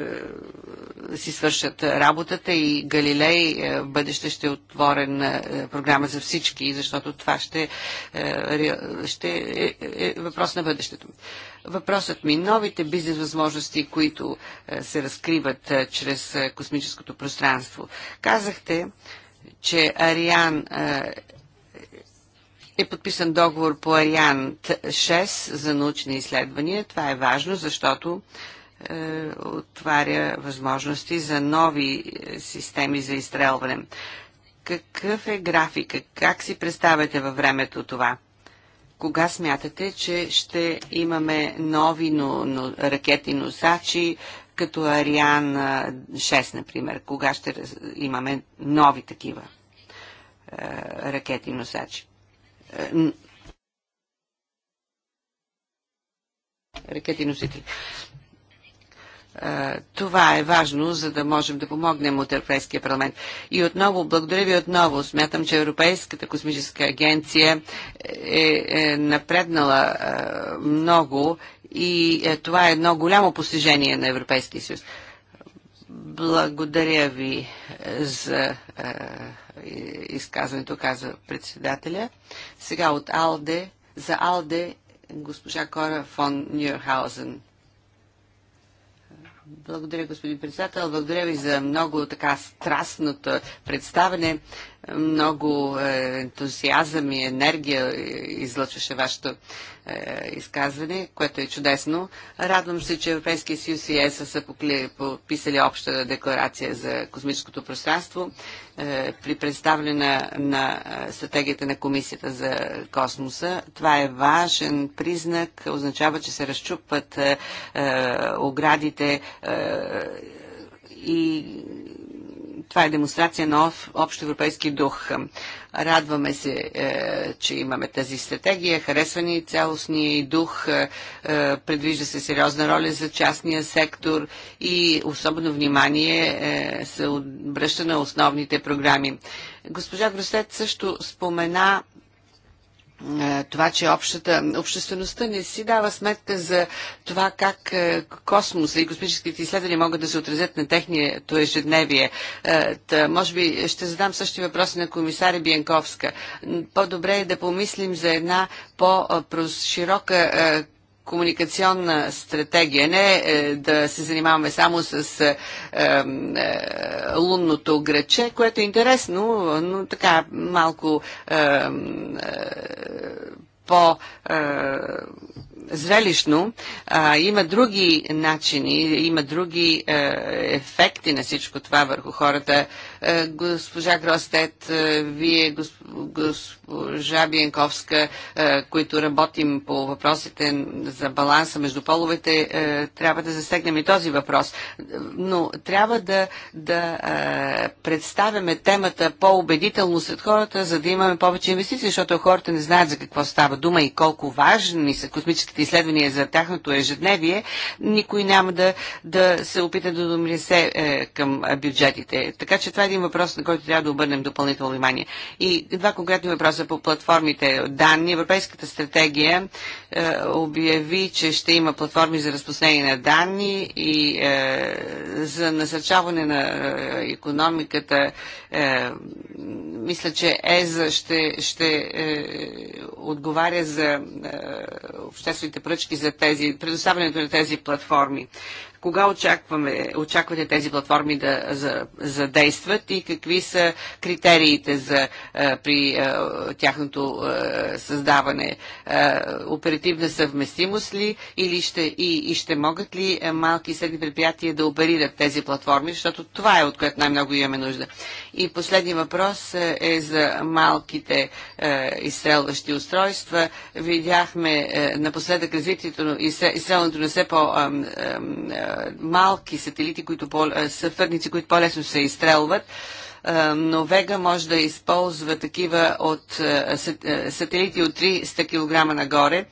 си свършат работата и Галилей е, в бъдеще ще е отворен е, програма за всички, защото това ще, е, ще е, е, е въпрос на бъдещето. Въпросът ми, новите бизнес възможности, които е, се разкриват е, чрез е, космическото пространство. Казахте, че Ариан е, е подписан договор по Ариан 6 за научни изследвания. Това е важно, защото е, е, отваря възможности за нови е, системи за изстрелване. Какъв е графика? Как си представяте във времето това? Кога смятате, че ще имаме нови но, но, ракети носачи, като Ариан 6, е, например? Кога ще имаме нови такива е, ракети носачи? Е, ракети носители. Е, това е важно, за да можем да помогнем от Европейския парламент. И отново, благодаря ви отново. Смятам, че Европейската космическа агенция е, е, е напреднала е, много и е, това е едно голямо постижение на Европейския съюз. Благодаря ви е, за е, изказването, каза председателя. Сега от Алде, за Алде, госпожа Кора фон Нюрхаузен. Благодаря, господин председател. Благодаря ви за много така страстното представене. Много е, ентусиазъм и енергия излъчваше вашето е, изказване, което е чудесно. Радвам се, че Европейския съюз и ЕСА са подписали обща декларация за космическото пространство. Е, при представлена на, на стратегията на Комисията за космоса, това е важен признак, означава, че се разчупват оградите и това е демонстрация на общо европейски дух. Радваме се, е, че имаме тази стратегия, харесва ни цялостния и дух, е, е, предвижда се сериозна роля за частния сектор и особено внимание се обръща на основните програми. Госпожа Гросет също спомена е, това, че общата, обществеността не си дава сметка за това как е, космоса и космическите изследвания могат да се отразят на техния ежедневие. Е, та, може би ще задам същи въпроси на комисаря Биенковска. По-добре е да помислим за една по-широка комуникационна стратегия, не е, да се занимаваме само с е, е, лунното граче, което е интересно, но така малко е, е, по е, зрелищно. А, има други начини, има други а, е, ефекти на всичко това върху хората. Е, госпожа Гростет, е, вие, госпожа Биенковска, е, които работим по въпросите за баланса между половете, трябва да засегнем и този въпрос. Но трябва да, да представяме темата по-убедително сред хората, за да имаме повече инвестиции, защото хората не знаят за какво става дума и колко важни са космическите изследвания за тяхното ежедневие, никой няма да, да се опита да домресе към бюджетите. Така че това е един въпрос, на който трябва да обърнем допълнително внимание. И два конкретни въпроса по платформите данни. Европейската стратегия е, обяви, че ще има платформи за разпространение на данни и е, за насърчаване на е, економиката. Е, мисля, че ЕЗА ще, ще е, отговаря за е, обществените пръчки за тези, предоставянето на тези платформи. Кога очакваме, очаквате тези платформи да задействат и какви са критериите за, е, при е, тяхното е, създаване? Оперативна съвместимост ли или ще, и, и ще могат ли малки и средни предприятия да оперират тези платформи, защото това е от което най-много имаме нужда. И последния въпрос е, е за малките е, изстрелващи устройства. Видяхме е, напоследък развитието на изстрелването на все по-малки е, сателити, които по, е, съфърници, които по-лесно се изстрелват. Е, Новега може да използва такива от е, е, сателити от 300 кг нагоре.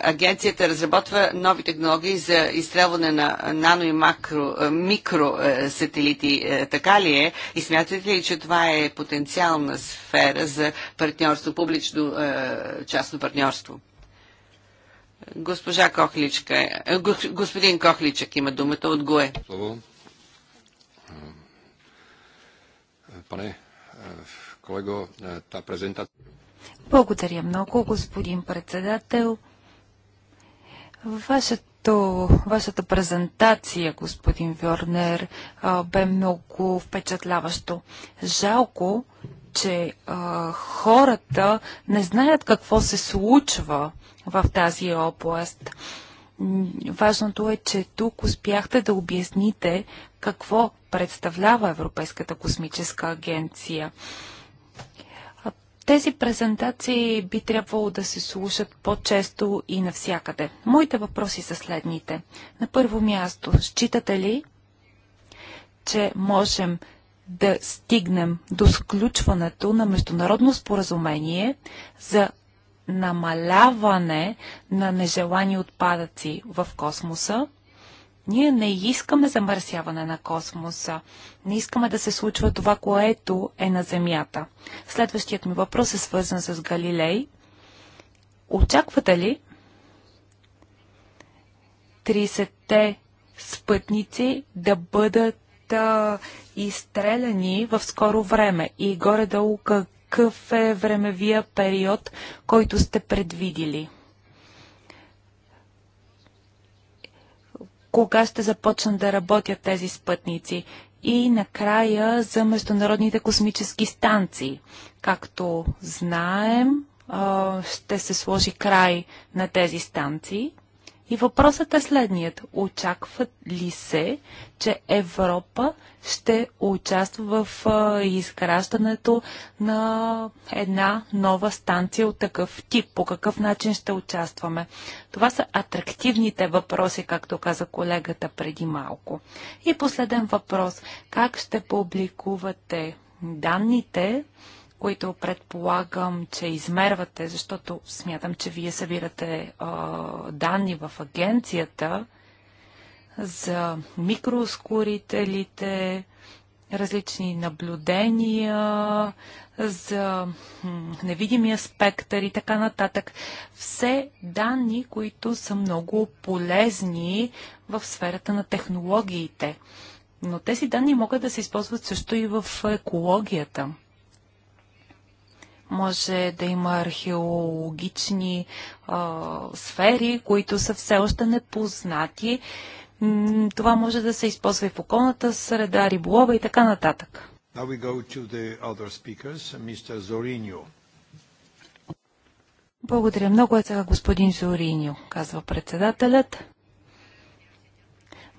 Агенцията разработва нови технологии за изстрелване на нано и макро, микро сателити. Така ли е? И смятате ли, че това е потенциална сфера за партньорство, публично-частно партньорство? Госпожа Кохличка, господин Кохличък има думата от ГОЕ. Пане колего, та презентация... Благодаря много, господин председател. Вашето, вашата презентация, господин Вьорнер, бе много впечатляващо. Жалко, че а, хората не знаят какво се случва в тази област. Важното е, че тук успяхте да обясните какво представлява Европейската космическа агенция. Тези презентации би трябвало да се слушат по-често и навсякъде. Моите въпроси са следните. На първо място, считате ли, че можем да стигнем до сключването на международно споразумение за намаляване на нежелани отпадъци в космоса. Ние не искаме замърсяване на космоса. Не искаме да се случва това, което е на Земята. Следващият ми въпрос е свързан с Галилей. Очаквате ли 30-те спътници да бъдат а, изстреляни в скоро време и горе-долу как, какъв е времевия период, който сте предвидили? Кога ще започнат да работят тези спътници? И накрая за международните космически станции. Както знаем, ще се сложи край на тези станции – и въпросът е следният. Очаква ли се, че Европа ще участва в изграждането на една нова станция от такъв тип? По какъв начин ще участваме? Това са атрактивните въпроси, както каза колегата преди малко. И последен въпрос. Как ще публикувате данните? които предполагам, че измервате, защото смятам, че вие събирате а, данни в агенцията за микроскорителите, различни наблюдения, за невидимия спектър и така нататък. Все данни, които са много полезни в сферата на технологиите. Но тези данни могат да се използват също и в екологията. Може да има археологични а, сфери, които са все още непознати. Това може да се използва и в околната среда, риболова и така нататък. Now we go to the other speakers, Mr. Zorinio. Благодаря много е сега господин Зориньо, казва председателят.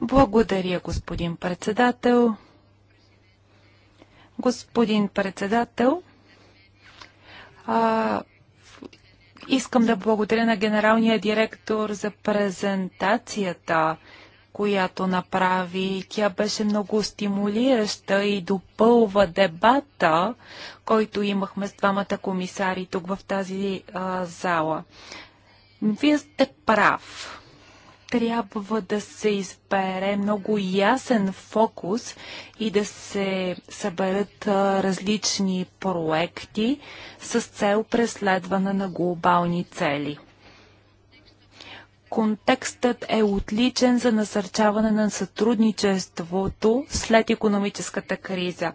Благодаря, господин председател. Господин председател, а, искам да благодаря на генералния директор за презентацията, която направи. Тя беше много стимулираща и допълва дебата, който имахме с двамата комисари тук в тази а, зала. Вие сте прав трябва да се избере много ясен фокус и да се съберат различни проекти с цел преследване на глобални цели. Контекстът е отличен за насърчаване на сътрудничеството след економическата криза.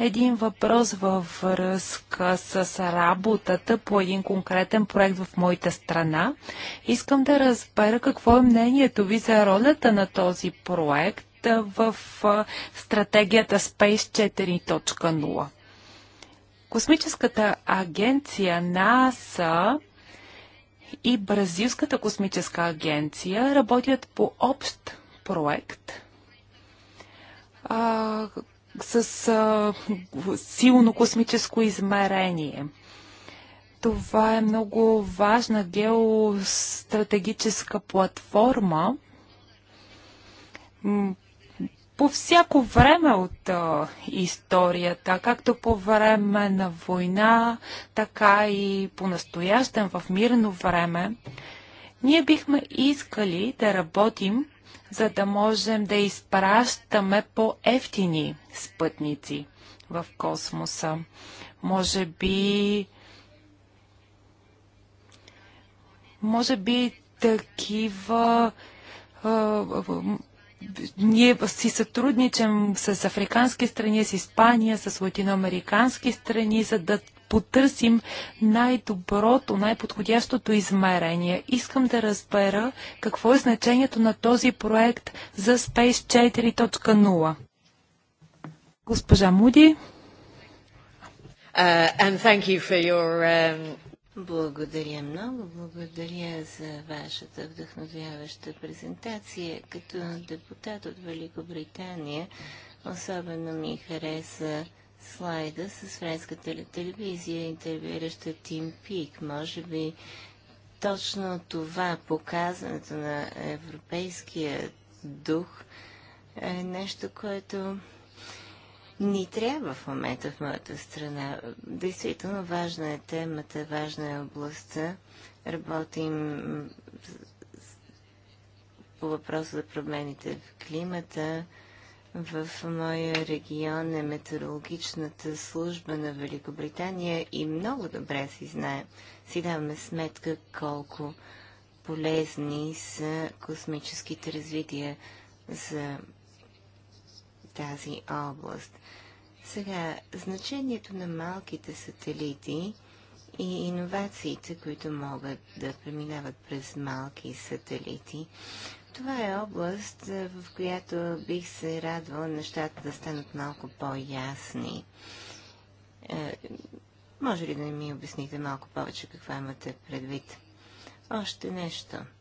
Един въпрос във връзка с работата по един конкретен проект в моята страна. Искам да разбера какво е мнението ви за ролята на този проект в стратегията Space 4.0. Космическата агенция НАСА и Бразилската космическа агенция работят по общ проект а, с а, силно космическо измерение. Това е много важна геостратегическа платформа, по всяко време от а, историята, както по време на война, така и по настоящен в мирно време, ние бихме искали да работим, за да можем да изпращаме по-ефтини спътници в космоса. Може би. Може би такива ние си сътрудничам с африкански страни, с Испания, с латиноамерикански страни, за да потърсим най-доброто, най-подходящото измерение. Искам да разбера какво е значението на този проект за Space 4.0. Госпожа Муди. Uh, your, um... Благодаря много. Благодаря за вашата вдъхновяваща презентация. Като депутат от Великобритания, особено ми хареса слайда с френската телевизия, интервюираща Тим Пик. Може би точно това, показването на европейския дух, е нещо, което ни трябва в момента в моята страна. Действително важна е темата, важна е областта. Работим по въпроса за промените в климата. В моя регион е метеорологичната служба на Великобритания и много добре си знаем, си даваме сметка колко полезни са космическите развития за тази област. Сега, значението на малките сателити и иновациите, които могат да преминават през малки сателити, това е област, е, в която бих се радвала нещата да станат малко по-ясни. Е, може ли да ми обясните малко повече какво имате предвид? Още нещо –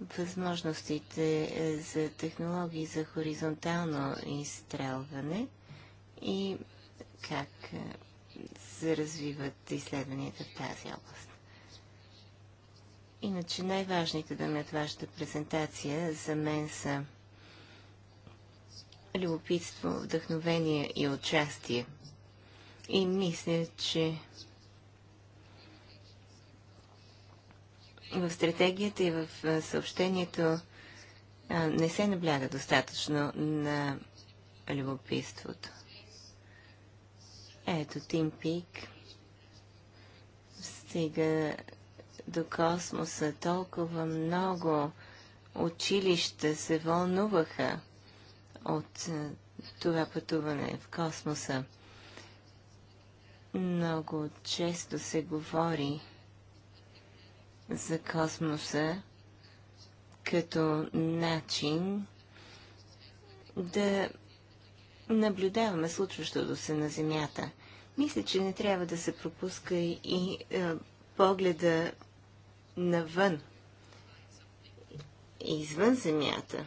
възможностите е, за технологии за хоризонтално изстрелване и как е, се развиват изследванията в тази област. Иначе най-важните ме от вашата презентация за мен са любопитство, вдъхновение и участие. И мисля, че в стратегията и в съобщението не се набляга достатъчно на любопитството. Ето, Тим Пик стига до космоса. Толкова много училища се вълнуваха от това пътуване в космоса. Много често се говори за космоса като начин да наблюдаваме случващото се на Земята. Мисля, че не трябва да се пропуска и, е, погледа навън, извън Земята.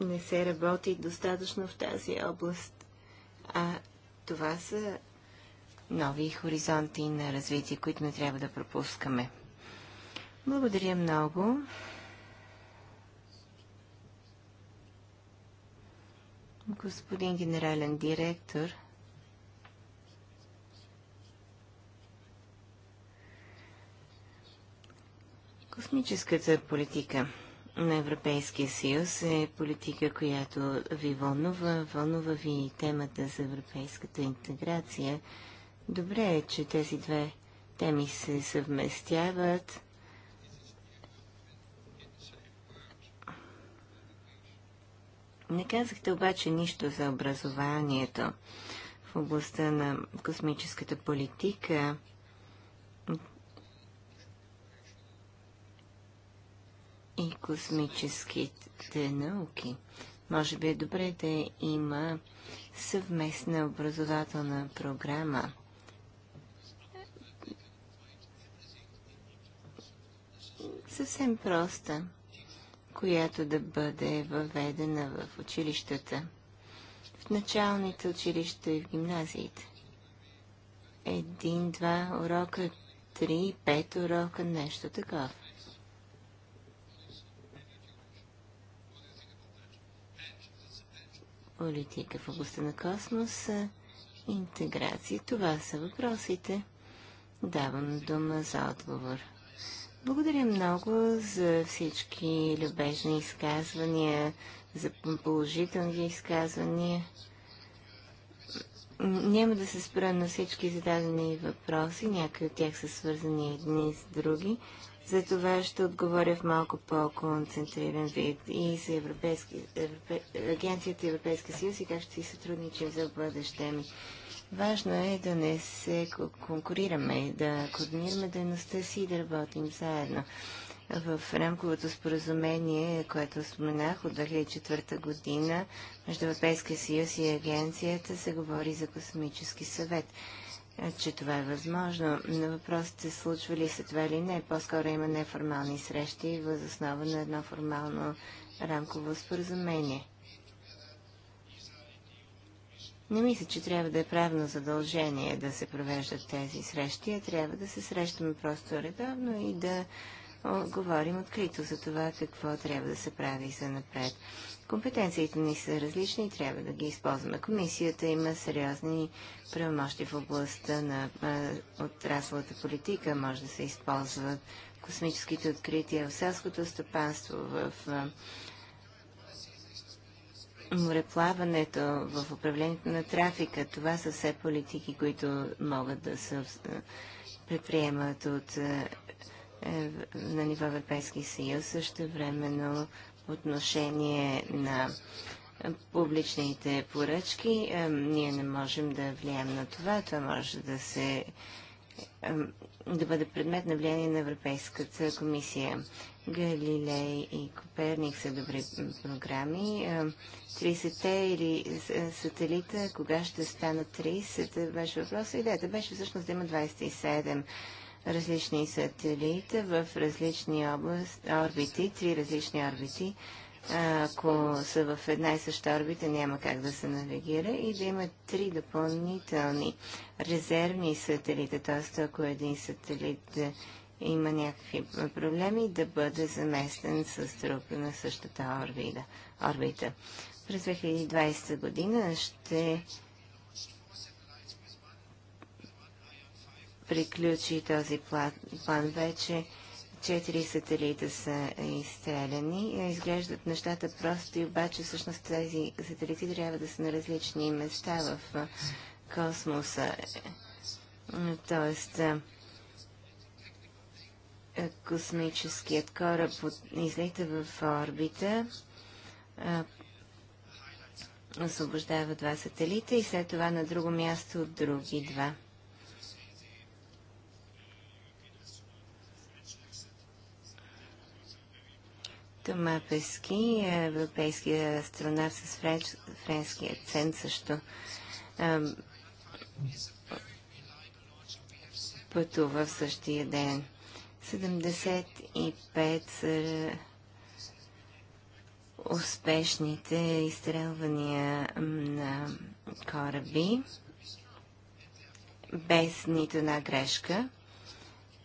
Не се работи достатъчно в тази област, а това са нови хоризонти на развитие, които не трябва да пропускаме. Благодаря много. Господин генерален директор, космическата политика на Европейския съюз е политика, която ви вълнува. Вълнува ви и темата за европейската интеграция – Добре е, че тези две теми се съвместяват. Не казахте обаче нищо за образованието в областта на космическата политика. и космическите науки. Може би е добре да има съвместна образователна програма съвсем проста, която да бъде въведена в училищата, в началните училища и в гимназиите. Един, два урока, три, пет урока, нещо такова. Политика в областта на космоса, интеграция. Това са въпросите. Давам дума за отговор. Благодаря много за всички любезни изказвания, за положителни изказвания. Няма да се спра на всички зададени въпроси, някои от тях са свързани едни с други. За това ще отговоря в малко по-концентриран вид и за Европейски, Европе, Агенцията Европейска съюз и как ще си сътрудничим за бъдеще ми. Важно е да не се конкурираме, да координираме дейността си и да работим заедно. В рамковото споразумение, което споменах от 2004 година, между Европейския съюз и агенцията се говори за космически съвет че това е възможно. На въпросът се случва ли се това или не. По-скоро има неформални срещи въз основа на едно формално рамково споразумение. Не мисля, че трябва да е правно задължение да се провеждат тези срещи, а трябва да се срещаме просто редовно и да говорим открито за това какво трябва да се прави за напред. Компетенциите ни са различни и трябва да ги използваме. Комисията има сериозни правомощи в областта на отраслата политика. Може да се използват космическите открития в селското стопанство, в а, мореплаването, в управлението на трафика. Това са все политики, които могат да се предприемат от е, е, на ниво Европейски съюз, също времено отношение на публичните поръчки. Е, ние не можем да влияем на това. Това може да се е, да бъде предмет на влияние на Европейската комисия. Галилей и Коперник са добри програми. Е, 30-те или е, сателита, кога ще станат 30, е, беше въпроса. Идеята беше всъщност да има 27 различни сателита в различни области орбити, три различни орбити. Ако са в една и съща орбита, няма как да се навигира и да има три допълнителни резервни сателита, т.е. ако един сателит е, има някакви проблеми, да бъде заместен с друг на същата орбита. орбита. През 2020 година ще приключи този план. вече четири сателита са изстреляни. Изглеждат нещата просто и обаче всъщност тези сателити трябва да са на различни места в космоса. Тоест, космическият кораб излита в орбита, освобождава два сателита и след това на друго място от други два. Тома Пески, европейския астронавт с френч, френски акцент също пътува в същия ден. 75 са успешните изстрелвания на кораби без нито една грешка,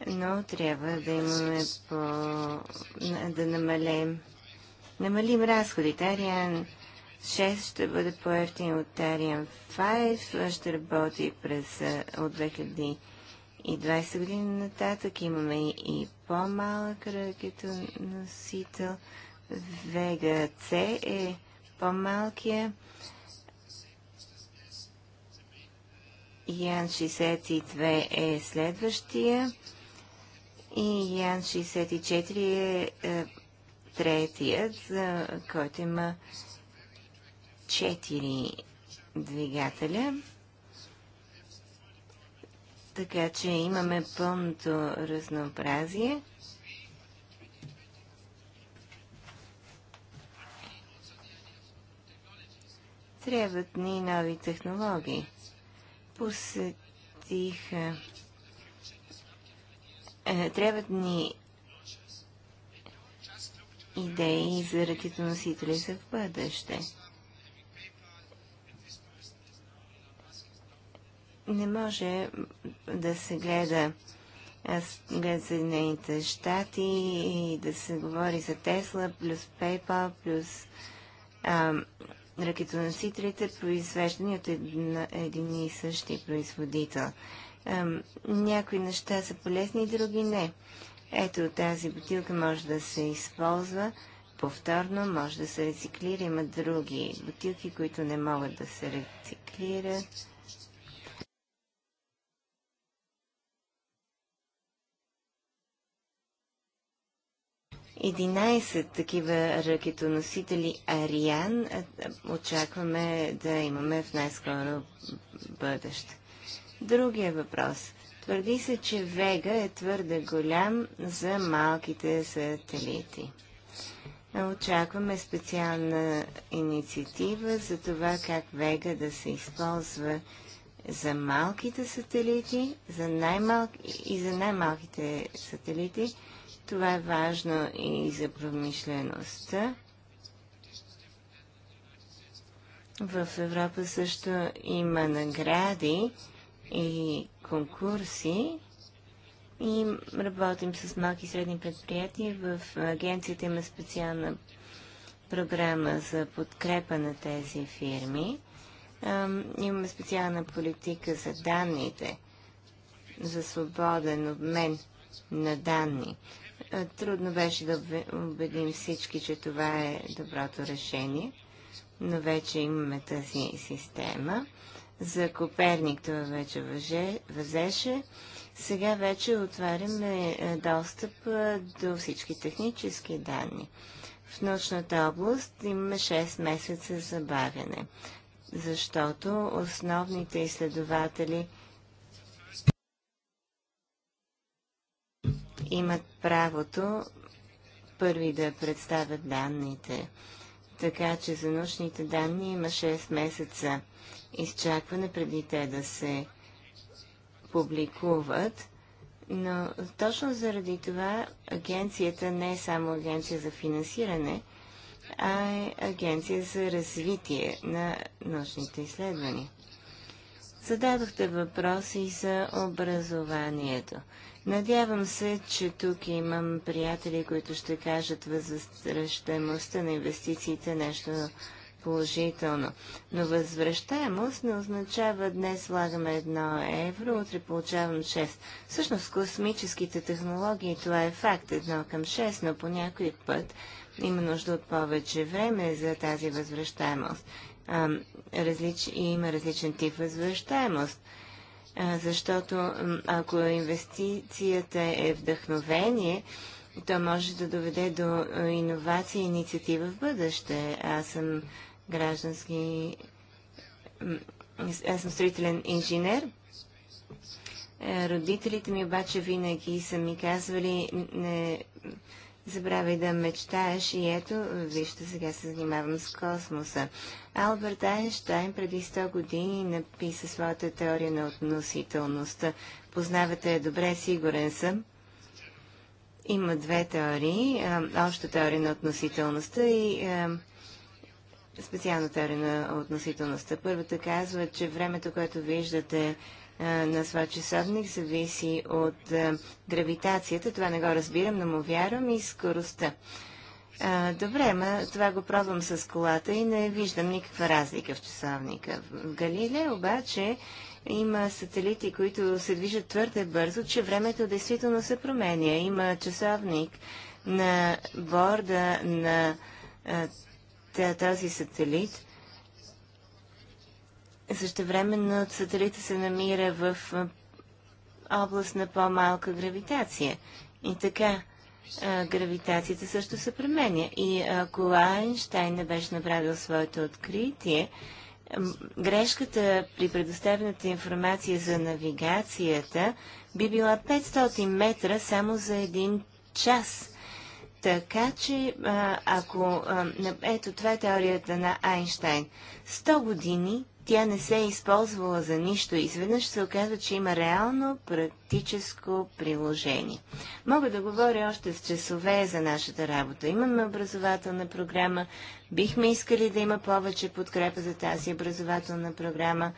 но трябва да имаме по... да намалим, намалим разходите. Ариан 6 ще бъде по-ефтин от Ариан 5, ще работи през от 2020 години нататък. Имаме и, и по-малък ракетоносител. носител Вега С е по-малкия. Ян 62 е следващия. И Ян 64 е, е третият, за който има 4 двигателя. Така че имаме пълното разнообразие. Трябват ни нови технологии. Посетих... Е, трябват ни идеи за ракетоносители за в бъдеще. Не може да се гледа за Съединените щати и да се говори за Тесла плюс PayPal плюс а, ракетоносителите, произвеждани от един и същи производител. Някои неща са полезни, други не. Ето тази бутилка може да се използва повторно, може да се рециклира. Има други бутилки, които не могат да се рециклират. 11 такива ракетоносители Ариан очакваме да имаме в най-скоро бъдеще. Другия въпрос. Твърди се, че Вега е твърде голям за малките сателити. Очакваме специална инициатива за това как Вега да се използва за малките сателити за най-малки, и за най-малките сателити това е важно и за промишлеността. В Европа също има награди и конкурси и работим с малки и средни предприятия. В агенцията има специална програма за подкрепа на тези фирми. Имаме специална политика за данните, за свободен обмен на данни. Е, трудно беше да убедим всички, че това е доброто решение, но вече имаме тази система. За Коперник това вече въже, възеше. Сега вече отваряме е, достъп е, до всички технически данни. В научната област имаме 6 месеца забавяне, защото основните изследователи – имат правото първи да представят данните. Така че за научните данни има 6 месеца изчакване преди те да се публикуват. Но точно заради това агенцията не е само агенция за финансиране, а е агенция за развитие на научните изследвания. Зададохте въпроси за образованието. Надявам се, че тук имам приятели, които ще кажат възвръщаемостта на инвестициите нещо положително. Но възвръщаемост не означава днес влагаме едно евро, утре получавам 6. Всъщност космическите технологии това е факт, едно към 6, но по някой път има нужда от повече време за тази възвръщаемост. А, Има различен тип възвръщаемост защото ако инвестицията е вдъхновение, то може да доведе до иновация и инициатива в бъдеще. Аз съм граждански... Аз съм строителен инженер. Е, родителите ми обаче винаги са ми казвали, не, Забравяй да мечтаеш и ето, вижте, сега се занимавам с космоса. Алберт Айнштайн преди 100 години написа своята теория на относителността. Познавате я добре, сигурен съм. Има две теории. А, обща теория на относителността и а, специална теория на относителността. Първата казва, че времето, което виждате на своя часовник зависи от гравитацията. Това не го разбирам, но му вярвам и скоростта. А, добре, ма това го пробвам с колата и не виждам никаква разлика в часовника. В Галиле обаче има сателити, които се движат твърде бързо, че времето действително се променя. Има часовник на борда на а, този сателит, Същевременно сателита се намира в област на по-малка гравитация. И така, гравитацията също се променя. И ако Айнштайн не беше направил своето откритие, грешката при предоставената информация за навигацията би била 500 метра само за един час. Така че, ако... ето, това е теорията на Айнштайн. 100 години тя не се е използвала за нищо. Изведнъж се оказва, че има реално практическо приложение. Мога да говоря още с часове за нашата работа. Имаме образователна програма. Бихме искали да има повече подкрепа за тази образователна програма.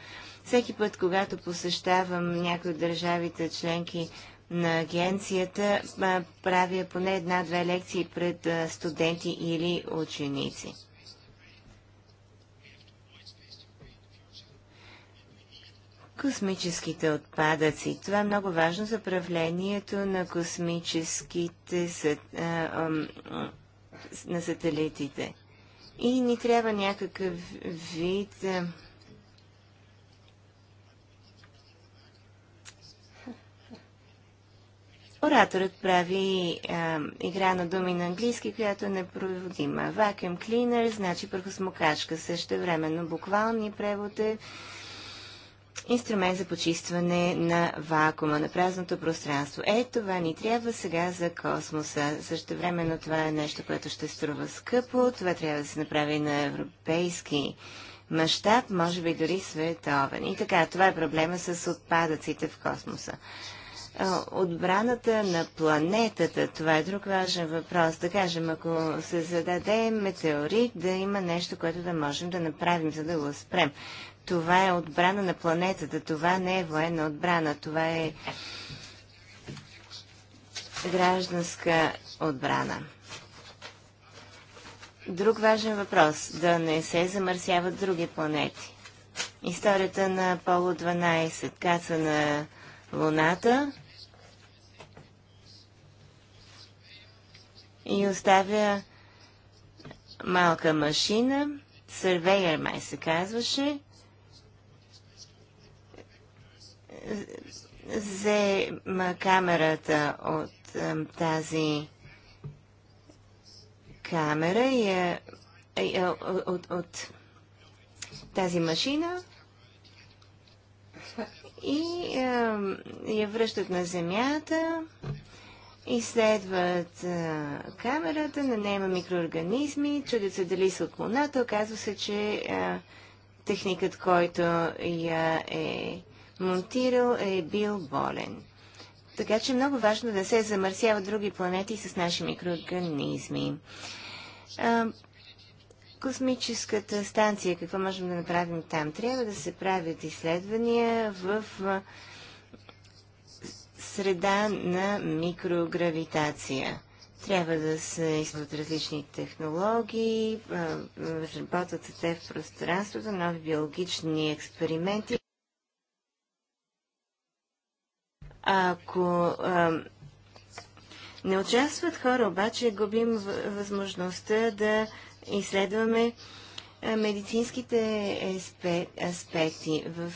Всеки път, когато посещавам някои от държавите членки на агенцията, правя поне една-две лекции пред студенти или ученици. космическите отпадъци. Това е много важно за правлението на космическите са, а, а, на сателитите. И ни трябва някакъв вид а, Ораторът прави а, игра на думи на английски, която е непроводима. Vacuum cleaner значи пръхосмокачка. Също времено буквални превод е инструмент за почистване на вакуума, на празното пространство. Е, това ни трябва сега за космоса. Също но това е нещо, което ще струва скъпо. Това трябва да се направи на европейски мащаб, може би дори световен. И така, това е проблема с отпадъците в космоса. Отбраната на планетата, това е друг важен въпрос. Да кажем, ако се зададе метеорит, да има нещо, което да можем да направим, за да го спрем. Това е отбрана на планетата. Това не е военна отбрана. Това е гражданска отбрана. Друг важен въпрос – да не се замърсяват други планети. Историята на Поло 12, каца на Луната и оставя малка машина, Сървейер май се казваше, Взе камерата от тази камера и е, от, от тази машина и я връщат на земята, изследват а, камерата, нанема микроорганизми, чудят се дали са от луната, оказва се, че техникът, който я е монтирал, е бил болен. Така че е много важно да се замърсяват други планети с наши микроорганизми. космическата станция, какво можем да направим там? Трябва да се правят изследвания в среда на микрогравитация. Трябва да се използват различни технологии, разработват се те в пространството, нови биологични експерименти. Ако а, не участват хора, обаче губим възможността да изследваме медицинските аспекти. В,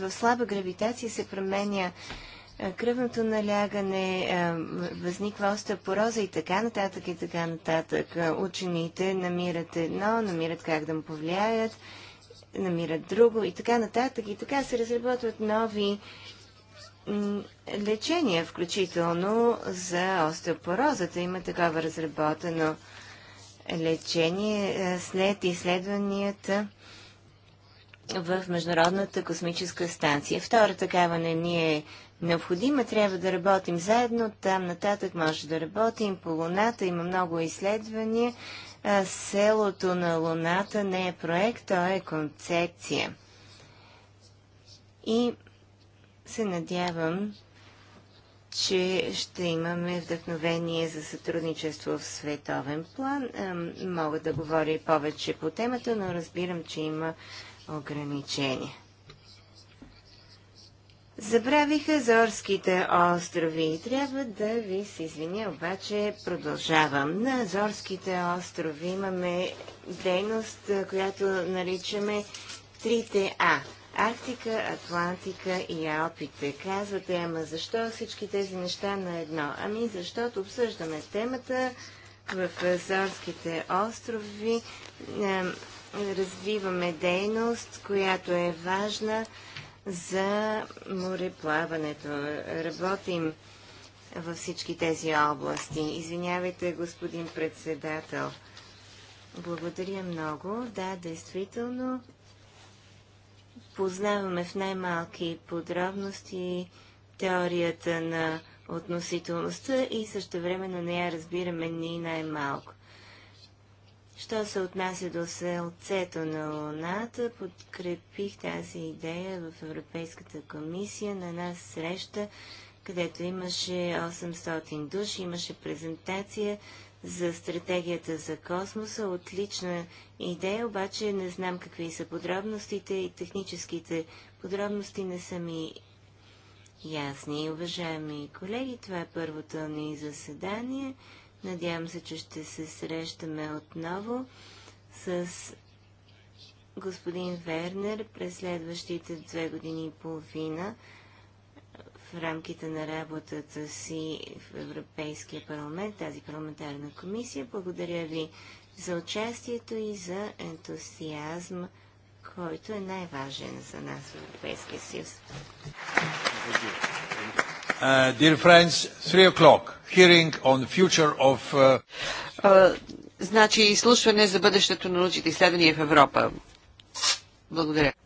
в слаба гравитация се променя кръвното налягане, възниква остеопороза и така нататък и така нататък. Учените намират едно, намират как да му повлияят, намират друго и така нататък. И така се разработват нови лечение, включително за остеопорозата. Има такова разработено лечение е, след изследванията в Международната космическа станция. Втора такава не ни е необходима. Трябва да работим заедно. Там нататък може да работим. По Луната има много изследвания. Е, селото на Луната не е проект, то е концепция. И се надявам, че ще имаме вдъхновение за сътрудничество в световен план. Мога да говоря и повече по темата, но разбирам, че има ограничения. Забравиха Зорските острови. Трябва да ви се извиня, обаче продължавам. На Азорските острови имаме дейност, която наричаме Трите А. Арктика, Атлантика и Алпите. Казвате, ама защо всички тези неща на едно? Ами защото обсъждаме темата в Азорските острови, развиваме дейност, която е важна за мореплаването. Работим във всички тези области. Извинявайте, господин председател. Благодаря много. Да, действително познаваме в най-малки подробности теорията на относителността и също времено на нея разбираме ни най-малко. Що се отнася до селцето на Луната, подкрепих тази идея в Европейската комисия на една среща, където имаше 800 души, имаше презентация за стратегията за космоса. Отлична идея, обаче не знам какви са подробностите и техническите подробности не са ми ясни. Уважаеми колеги, това е първото ни заседание. Надявам се, че ще се срещаме отново с господин Вернер през следващите две години и половина в рамките на работата си в Европейския парламент, тази парламентарна комисия. Благодаря ви за участието и за ентусиазм, който е най-важен за нас в Европейския съюз. Uh, dear friends, 3 o'clock, hearing on future of... Uh... Uh, значи изслушване за бъдещето на научните изследвания в Европа. Благодаря.